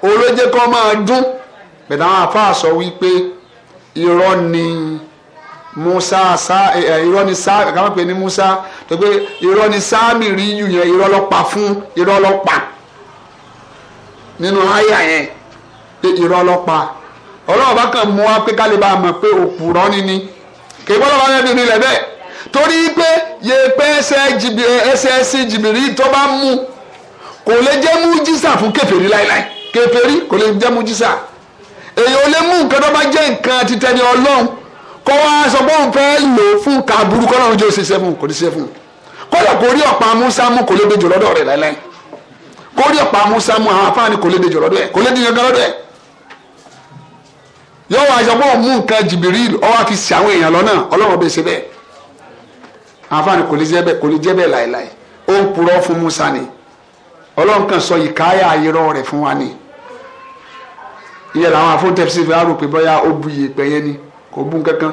olóje kan máa dún pẹ̀lú àwọn àfáà sọ wípé irọ́ ni musa sa irọ́ ni sa káwọn pè ní musa tó pé irọ́ ni sáàmì rí yù yẹn irọ́ ló pa fún irọ́ ló pa nínú àyà yẹn pé irọ́ ló pa ọlọ́run bá kàn mú wa pé ká lè bá a mọ̀ pé òpùrọ́ ni ni kì í bọ́lá bá yẹn bíbí rẹ̀ bẹ́ẹ̀ torí pé yẹ pé ẹsẹ̀ ẹsẹ̀ sí jìbìrì tó bá mú kò lè jẹ́ mújísà fún kèfèrí láíláí kèfèrí kò lè jẹ́ mújísà èyí ò lè mú nǹkan tó bá jẹ́ nǹkan títẹni ọlọ́run kó wá aṣọ bóun fẹ́ lò fún kàbúrú kọ́ lọ́run jẹ́ òṣìṣẹ́ fún kò ní ṣe fún kódà kò rí ọ̀pá amúsámú kò lè dejò lọ́dọ̀ rẹ̀ láíláí kò rí ọ̀pá amúsámú àwọn afáàní kò lè dejò lọ́dọ̀ ẹ̀ kò lè dejò lọ́dọ̀ ẹ̀ yóò aṣọ bóun mú nǹkan jìbìrìl ọwọ́ fi ṣe àwọn èèyàn lọ́nà ọlọ́run bẹ́ẹ̀ ṣe bẹ́ẹ̀ àǹfààní kò kò lè jẹ́ bẹ́ẹ̀ láéláé ó ń purọ́ fún Musa ni ọlọ́run kan sọ ìkáyà irọ́ rẹ̀ fún wa ni ìyẹn làwọn afọ́ntẹ́fẹ́sì fi rò pé bóyá ó bu iye pẹ̀yẹ ni kò bú kankan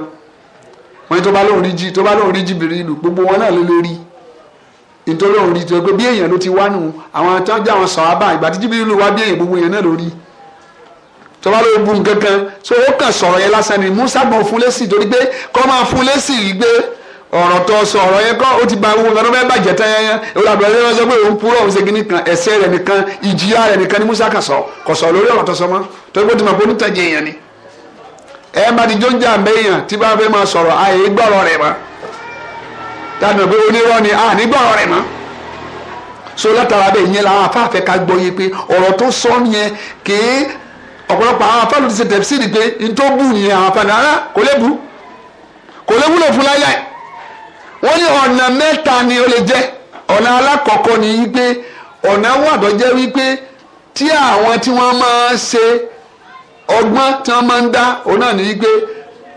wọ́n ní tó bá lóun rí jí tó bá lóun rí jìbìrì ìlú gbogbo wọn náà ló lè rí nítorí òun rí tó pé bí èèyàn ló ti wá nù àwọn tó ń jẹ́ àwọn sàhábà ìgbà tí jìbìrì ìlú wá bí èèyàn gbogbo èèyàn náà ló rí tó bá lóun bu kankan so ó kàn sọ̀rọ̀ yẹn lásán ni Musa gbọ́n fún lẹ́sìn torí pé kọ́ máa fún lẹ́sìn rí gbé ọ̀rọ̀ tó sọ ọ̀rọ̀ yẹn kọ́ ó ti ba owó nǹkan tó fẹ́ bàjẹ́ tán yẹn olùdàbọ̀ ẹ̀rọ yẹn sọ pé òun purọ́ òun segin nìkan ẹ̀ṣẹ̀ rẹ̀ nìkan ìjìyà rẹ̀ nìkan ni Musa kà sọ kò sọ lórí ọ̀rọ̀ tó sọ mọ́ tó gbé tìmọ̀ pé onítàjẹ èèyàn ni ẹ̀ má ti jóúnjẹ àmẹ́yàn tí bá fẹ́ máa sọ̀rọ̀ àyè gbọ́rọ̀ rẹ̀ mọ́ dáadọ́ pé onírọ́ ni à ní gbọ́rọ̀ rẹ̀ mọ́ so látara bẹ́ẹ̀ yẹn làwọn afáfẹ́ ká gbọ́ yẹn pé ọ̀rọ̀ tó sọ yẹn kìí ọ̀pọ̀lọpọ̀ àwọn afáàlù ti ṣe tẹ̀síìlì pé ntó bù yẹn àwọn afáàlù ara kò lè bù kò lè wúlò fún láyà ẹ̀ wọ́n ní ọ̀nà mẹ́ta ni ó lè jẹ́ ọ̀nà alákọ̀ọ́kọ́ ni wípé ọ̀nà wà tó jẹ́ wípé tí àwọn tí wọ́n máa ń ṣe ọgbọ́n tí wọ́n máa ń dá òun náà ni wípé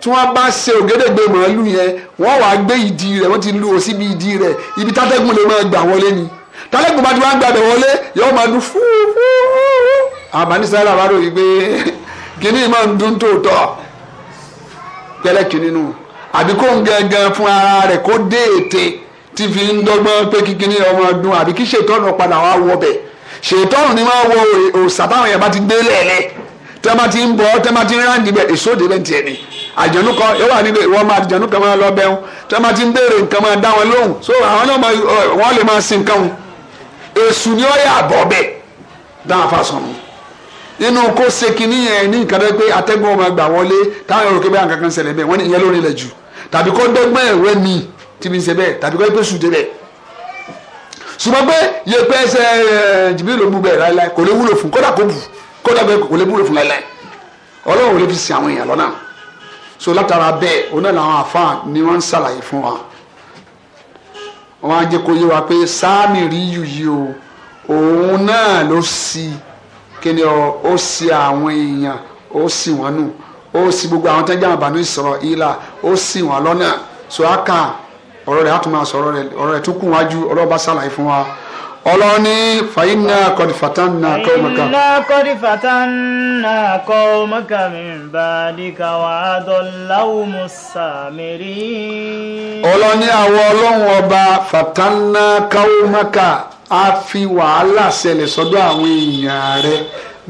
tí wọ́n bá ṣe ògédègbè màálù yẹn wọ́n wàá gbé ìdí rẹ̀ wọ́n ti lu òsì bí ìdí rẹ̀ ibi tátẹ́gùn lè máa gbà wọlé ni tálẹ́gùn bá ti wá gbàgbẹ́ wọlé yóò máa dún fúúfúú àbánísàlẹ̀ àbárò yìí pé kínní máa ń dún tòótọ́ pẹ́lẹ́ kínní No àbí kó ń gangan fún ara rẹ̀ kó dé ète tí fi ń dọ́gbọ́n pé kíkí ní ọmọ ọdún àbí kí ṣètọ́nù padà wá wọ bẹ̀ ṣètọ́nù ni wọ́n wọ òòsà táwọn yẹn bá ti dé lẹ́lẹ́ tẹ́ bá ti ń bọ̀ tẹ́ bá ti ń ráǹdì bẹ̀ èsòdè bẹ́ẹ̀ tiẹ̀ ni àjẹnú kan yóò wà nílé ìwọ́n máa àjẹnú kan máa lọ bẹ́ẹ̀ tẹ́ bá ti ń béèrè nǹkan máa dá wọn lóhùn so àwọn náà wọ́n lè máa sin nǹkan èsù ni ó yà bọ̀ bẹ́ẹ̀ dáhà fásọ̀nù nínú kó ṣe kinní yẹn ní nǹkan tó pé atẹ́gùn ọmọ gbà wọlé táwọn èrò kébé àǹkankan ṣẹlẹ̀ bẹ́ẹ̀ wọ́n ní ìyẹn lórí ilẹ̀ jù tàbí kọ́ dọ́gbọ́n ẹ̀wẹ́ mi tí mi ń ṣe bẹ́ẹ̀ tàbí kọ́ ẹgbẹ́ sùn dé bẹ́ẹ̀ ṣùgbọ́n pé yẹ pé ẹsẹ̀ eh, jìbìrì ló mú bẹ́ẹ̀ láéláé kò lè wúlò fún kódà kó bù kódà bẹ́ẹ̀ kò lè wúlò fún láéláé ọlọ́run lè fi sin àwọn èèyàn lọ́nà so látara bẹ́ẹ̀ oná làwọn àfáà ni wọ́n ń ṣàlàyé fún wa wọ́n á jẹ́ kó yé wa pé sáàmì rí yùyí o òun náà ló sì kí ni ó sì àwọn èèyàn ó sì wọ́n nù ó sì gbogbo àwọn tẹ́jà àbánú ìsọ̀rọ̀ ìlà ó sì wọ́n lọ́nà so á kà ọ̀rọ̀ rẹ̀ á tún máa ọ̀rọ̀ rẹ̀ tó kù wájú ọlọ́ba ṣàlàyé fún wa ọlọ́ni fàyínà kọ́dìfàtàn náà kọ́ ọmọkà. fàyínà kọ́dìfàtàn náà kọ́ ọmọkà mi bá wà á ọlọ́ni ọlọ́run ọba fàtàn náà kọ́ ọmọkà á fi wàhálà ṣẹlẹ̀ sọ́dọ̀ àwọn èèyàn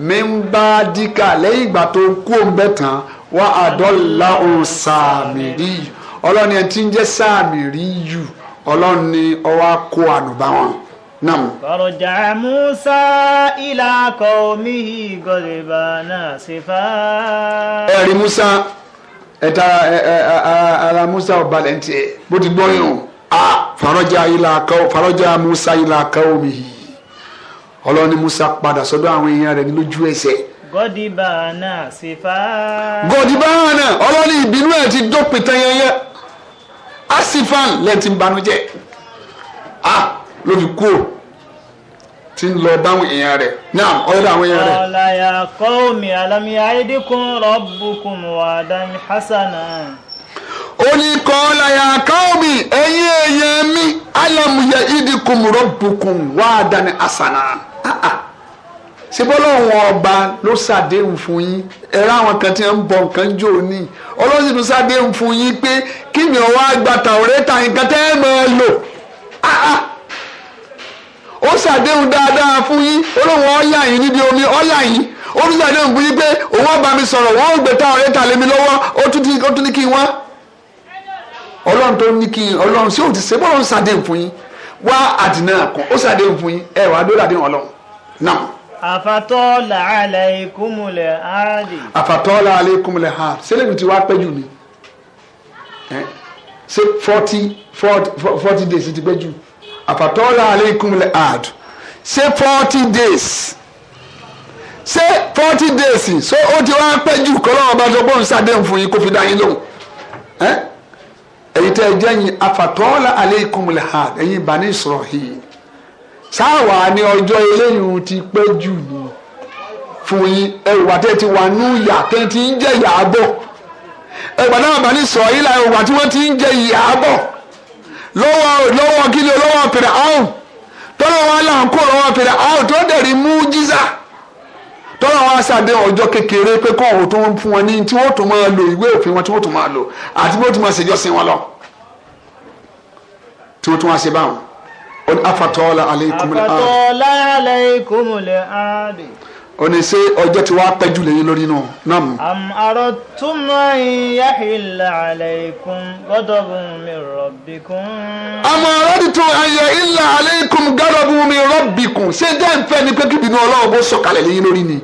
mímbádìkà lẹ́yìn ìgbà tó kú òǹbẹ tán wà àdọ́là òun sàmì rí yù ọlọ́ni ẹni tí ń jẹ́ sàmì rí yù ọlọ́ni ọwọ́ kó ànúbá wọn. Nam. Farja Musa ila qawmihi ghadibana sifa. Ẹ̀rí Musa ẹ̀ta ara Musa ọ̀balẹ̀ ntì ẹ̀ bó ti gbọ́ yìí o. Ah, Farja ila qaw Farja Musa ila qawmihi ọlọ́run ni Musa padà sọ́dọ̀ àwọn èèyàn rẹ̀ ní lójú ẹsẹ̀. gọ́dìbàánà sífà. gọ́dìbàánà ọlọ́run ni ìbínú ẹ̀ ti dópin tán yẹyẹ asifan lẹ́ẹ̀tì ń banújẹ́ a ló fi kú o ti ń lọ báwọn èèyàn rẹ̀ náà ọ̀rọ̀ àwọn èèyàn rẹ̀. ọ̀la ya qawmi alam ya'idikum rabbukum wa'dan hasana. ó ní kọ́ ọ̀la ya qawmi ẹ̀yin èèyàn mi alam ya'idikum rabbukum wa'dan hasana Ah, ah. ṣe bọ́lọ́hún ọba ló ṣàdéhùn fún yín ẹ̀rọ àwọn kan tí wọ́n ń bọ nǹkan jò ní ọlọ́sìn tó ṣàdéhùn fún yín pé kí mi ò wá gba tàwọ́rẹ́ta nǹkan tẹ́ ẹ máa lò ah, ó ṣàdéhùn dáadáa fún yín olóhùn ọ̀yà yín níbi omi ọ̀yà yín ó tún ṣàdéhùn fún yín pé òun ọba mi sọ̀rọ̀ wọ́n ò gbé tàwọ́rẹ́ta lé mi lọ́wọ́ ó tún ní kí wọ́n ọlọ́run tó ní kí ọlọ́run Now. Àfàtọ́lá aláìkúmùlẹ̀ áàdì. Àfàtọ́lá aláìkúmùlẹ̀ áàdì. Sẹ́lẹ̀mì ti wá pẹ́ jù ni. Ṣé forty forty days ti pẹ́ jù? Àfàtọ́lá aláìkúmùlẹ̀ áàdì. Ṣé forty days? Ṣé forty days ṣé ó ti wá pẹ́ jù kọ́ lọ́wọ́ bá dọ́gbọ́n ṣàdéhùn fún yín kó fi dá yín lóhùn? Ẹ̀yin tẹ́ ẹ jẹ́ yín àfàtọ́lá aláìkúmùlẹ̀ áàdì. Ẹ̀yin Bani Israil sáwà ni ọjọ́ eléyìí ti pẹ́ jù ní fún yín ẹwà tẹ́ ti wà ní ìyà tẹ́ ti ń jẹ ìyà bọ̀ ẹgbà náà bá ní sọ yìí láì ẹwà tí wọ́n ti ń jẹ ìyà bọ̀ lọ́wọ́ lọ́wọ́ kí ni olówó pèrè áhùn tọ́lọ́ wọn là ń kó lọ́wọ́ pèrè áhùn tó dẹ̀ rí mú jíza tọ́lọ́ wọn ṣàdé ọjọ́ kékeré pé kọ́ ọ̀hún tó ń fún wọn ní tí wọ́n tó máa lo ìwé òfin wọn tí wọ́n tó máa lo àti bí wọ́n tó máa ṣèjọ́sìn wọn lọ tí wọ́n tó máa ṣe báwọn ó ní afatọ́lá aleikumule aadi. afatọ́lá aleikumule aadi. ó ní ṣé ọjọ́ tí wàá pẹ́jù lẹ́yìn lórí náà náà mú. am aratumma yahilla aleikum ghadabun min rabbikum. am aratum yahilla aleikum ghadabun min rabbikum ṣé jẹ́ ìfẹ́ ni pé kíbi ní ọlọ́run bó sọ̀kalẹ̀ lẹ́yìn lórí ni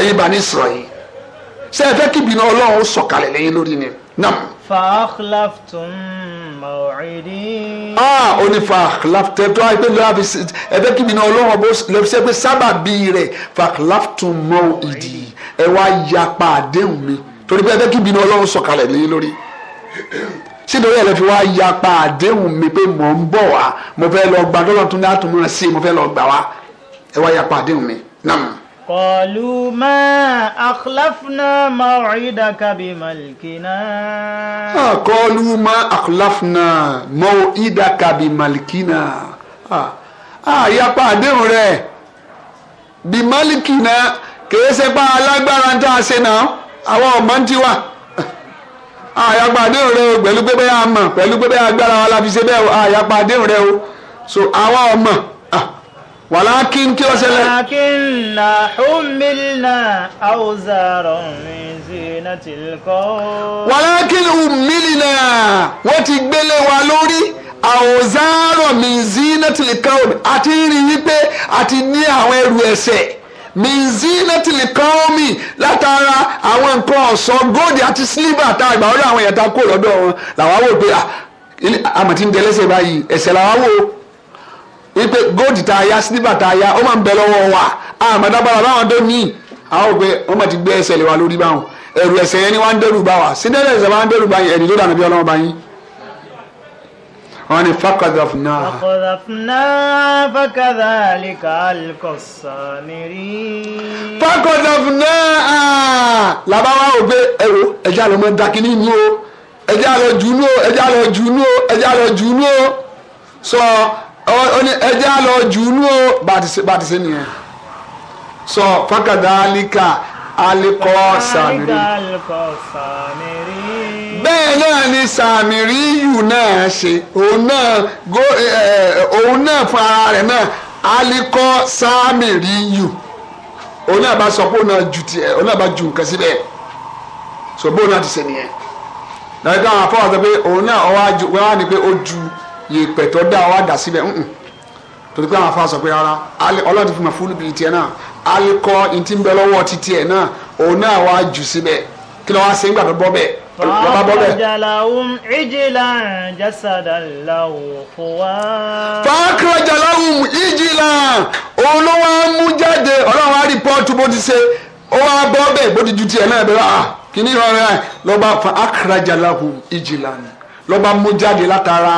ẹ̀yin bá ní sọ̀rọ̀ yìí ṣé ẹ fẹ́ kíbi ní ọlọ́run ó sọ̀kalẹ̀ lẹ́yìn lórí ni náà. fa akhlaftum Ah, ní fa tẹ̀tọ́ àìpé lọ́wọ́ fi ẹ̀fẹ́ kí mi náà ọlọ́run bó lọ fi ṣe pé sábà bíi rẹ̀ fa láftún mọ́ ìdí ẹ wá yapa àdéhùn mi torí pé ẹ̀fẹ́ kí mi náà ọlọ́run sọ̀kalẹ̀ lé lórí sídòrí ẹ lọ fi wá yapa àdéhùn mi pé mò ń bọ̀ wá mo fẹ́ lọ gbà lọ́lọ́tún ní àtúmọ̀ sí mo fẹ́ lọ gbà wá ẹ wá yapa àdéhùn mi náà. قالوا ما أخلفنا موعدك بملكنا قالوا ما أخلفنا موعدك بملكنا ah yapa àdéhùn rẹ bimalikina kìí ṣe pa alágbára tá a ṣe náà àwọn ọmọ ń tiwa àyàpá àdéhùn rẹ o pẹ̀lú pé bẹ́ẹ̀ a mọ̀ pẹ̀lú pé bẹ́ẹ̀ agbára wa la fi ṣe bẹ́ẹ̀ o àyàpá àdéhùn rẹ o so àwọn ọmọ wàlákin kí ló ṣẹlẹ̀. wàlákin na humilna awzaro min zinatil qawm. wàlákin humilna wọ́n ti gbélé wa lórí awzaro min zinatil qawm àti rí wípé àti ní àwọn ẹrù ẹ̀ṣẹ̀ min zinatil qawm látara àwọn nǹkan ọ̀ṣọ́ góòdì àti sílíbà tá àgbà ọ̀dọ̀ àwọn ẹ̀yà tá kó lọ́dọ̀ wọn làwọn wípé góòdì tá a yá sílíbà tá a yá ó máa ń bẹ lọ́wọ́ wa àmọ́dábàrà báwọn tó ní àwọn òpè wọ́n máa ti gbé ẹsẹ̀ lé wa lórí báwọn ẹ̀rù ẹ̀sẹ̀ yẹn ni wọ́n á ń dẹ́rù bá wa sídẹ́rẹ́ ẹ̀sẹ̀ wa ń dẹ́rù bá yín ẹ̀rí ló dànù bí ọlọ́wọ́ bá yín. wọ́n ní fakadàfúnà. fakadàfúnà fakadàlíkà alikọ̀sánirì. fakadàfúnà làbáwá òpè ẹ̀rọ ẹ̀jẹ̀ àlọ́ mọ́ dakínì ní o ẹ̀jẹ̀ àlọ́ jù o ẹ̀jẹ̀ àlọ́ jù o ẹ̀jẹ̀ àlọ́ jù o sọ ẹjẹ́ á lọ jù ú nú o bá ti ṣe nìyẹn sọ fàkàdálíkà alikọ sàmìrì bẹ́ẹ̀ náà ni sàmìrì yù náà ṣe òun náà eh, òun náà fún ara rẹ̀ náà alikọ sàmìrì yù òun náà bá sọ pé òun náà ju tiẹ̀ eh, òun náà bá ju nǹkan síbẹ̀ sọ pé òun náà ti ṣe nìyẹn lọ́jọ́ àwọn afọwọ́sọ pé òun náà ọwọ́ àjò wọ́n wá ní pé ó ju yèèpẹ̀ tó dá wa dà síbẹ̀ ń torí pé àwọn afa sọ pé rárá ọlọ́run ti fi mọ̀ fúlù bìrì tiẹ̀ náà alikọ́ ntí ń bẹ lọ́wọ́ ti tiẹ̀ náà òun náà wàá jù síbẹ̀ kí ló wá sí nígbà bọ́ bẹ́ẹ̀ lọ́ba bọ́ bẹ́ẹ̀. fàákìrọ̀jàláhùn ìjìlán òun ló wá mú jáde ọlọ́run wá rìpọ́ọ̀tù bó ti ṣe ó wá bọ́ bẹ́ẹ̀ bó ti ju tiẹ̀ náà bẹ́ẹ̀ ah kí ni ìrọ̀rẹ́ lọ́ba fàákìrọ̀jàláhùn ìjìlán lọ́ba mú jáde látara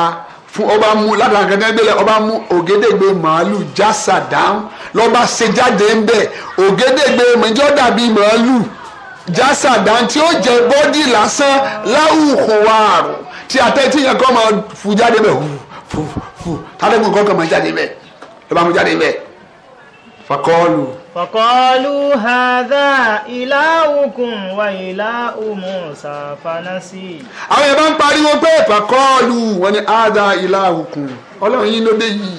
fún ọba mú ládàá kankan gbélé ọba mú ògédègbè màálù jásà dáhùn lọ́ba ṣe jáde ń bẹ̀ ògédègbè mẹjọ dàbí màálù jásà dáhùn tí ó jẹ bọ́dì lásán láwùkù wàrù tí atẹ́tí yẹn kọ́ máa fù jáde bẹ̀ fù fù tádẹ́gùn kọ́ kọ́ máa jáde bẹ̀ lọ́ba mú jáde bẹ̀ fakọ́ọ̀lù فقالوا هذا إلهكم وإله موسى فنسي àwọn yẹn bá ń pariwo pé fàkọ́ọ̀lù wọn ni ada ìlàhùkùn ọlọ́run yín ló dé yìí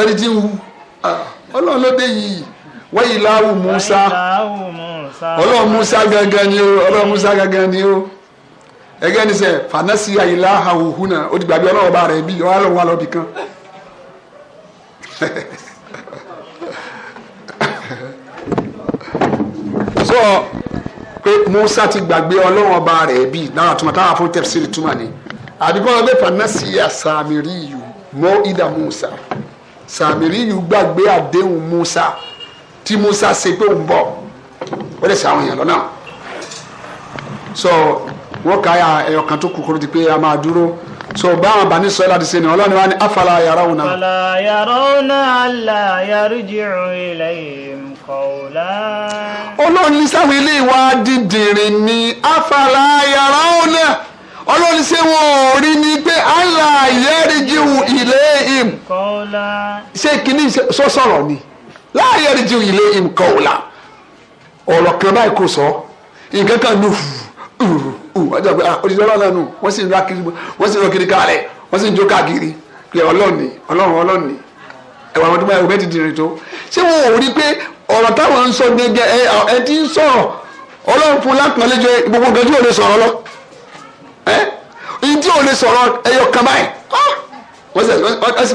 ẹni tí ń hu ah, ọlọ́run ló dé yìí wọ́n ìlàhù musa ọlọ́run musa gangan ni o ọlọ́run musa gangan ni o ẹgẹ́ ni sẹ́ fanasi ìlàhùhùn náà ó ti gbàgbé ọlọ́run bá rẹ̀ bí ọlọ́run wà lọ́bì kan. so pé Musa ti gbàgbé ọlọ́run ọba rẹ̀ bí náà tuma táwọn afọ tẹ̀síìrì tuma ni àdìgbọ́n ọbẹ̀ fanasi àsàmìrì yìí mọ́ ìdá Musa sàmìrì yìí gbàgbé àdéhùn Musa tí Musa ṣe pé òun bọ̀ ó lè ṣàwọn èèyàn lọ́nà so wọ́n ká ẹyọ kan tó kù kúrò di pé a máa dúró so báwọn bá ní sọ láti ṣe ni ọlọ́run wa ni afala yàrá òun náà. afala yàrá òun náà la yarji'u ilayhim ọlọ́run ní sáwọn ilé wa dídìrín ní afárá yàrá ọ̀nà ọlọ́run ṣé wọn ò rí ni pé allah yẹ́rìjìwù ilé im ṣé kìíní sọ sọ̀rọ̀ ni láyẹ̀rìjìwù ilé im kọ̀ọ̀la ọ̀rọ̀ kan báyìí kò sọ nǹkan kan ní ọjọ́ pé òṣìṣẹ́ ọlọ́run nù wọ́n sì ń ra kiri wọ́n sì ń rọ kiri kalẹ̀ wọ́n sì ń jó káàkiri pé ọlọ́run ni ọlọ́run ọlọ́run ni ẹ̀wọ̀n àwọn ọdún báyìí ọ̀bẹ ti dìrìn tó ṣé wọn ò rí pé ọ̀rọ̀ táwọn ń sọ gẹ́gẹ́ ẹ ti ń sọ̀rọ̀ ọlọ́run fún gbogbo nǹkan tí ò lè sọ̀rọ̀ lọ ẹ ní tí ò lè sọ̀rọ̀ ẹyọ kan báyìí ah!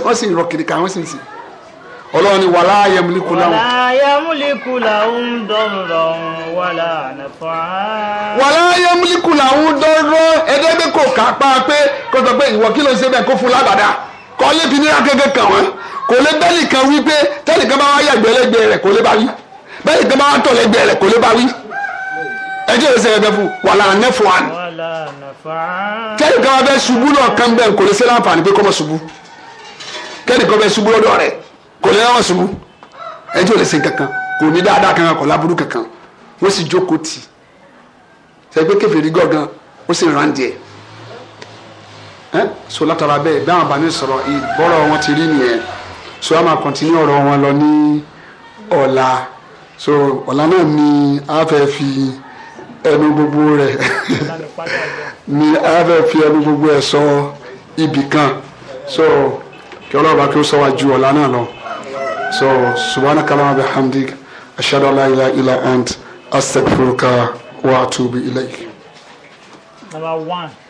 wọ́n sì rọ kiri ká wọ́n sì ń sìn ọlọ́run ni làwọn dọ̀rọ̀ làwọn dọ̀rọ̀ pé kó sọ pé ìwọ kò lè bẹ́ẹ̀ nìkan wí pé tẹ́nìkan bá wá yàgbẹ́ lẹ́gbẹ̀ẹ́ rẹ̀ kò lè bá wí bẹ́ẹ̀ nìkan bá wá tọ̀ lẹ́gbẹ̀ẹ́ rẹ̀ kò lè bá wí ẹjọ́ ìrẹsẹ̀ rẹ̀ bẹ́ẹ̀ fún wàhálà nẹ́fọ̀ àná tẹ́nìkan bá bẹ́ẹ̀ ṣubú náà kán bẹ́ẹ̀ kò lè ṣe láǹfààní pé kọ́mọ ṣubú tẹ́nìkan bẹ́ẹ̀ ṣubú lọ́dọ̀ rẹ̀ kò lè rán ṣubú ẹjọ́ ìrẹsẹ̀ kankan kò ní dáadáa kankan kò so a máa continue ọ̀rọ̀ wọn lọ ní ọ̀la so ọ̀la náà ni a fẹ́ fi ẹnu gbogbo rẹ̀ ni a fẹ́ fi ẹnu gbogbo ẹ̀ sọ ibì kan so kí ọlọ́ọ̀bá kí ó sọ wá ju ọ̀la náà lọ so subhanaka Allahumma bihamdik ashhadu an la ilaha illa ant astaghfiruka wa atubu ilayk. number one.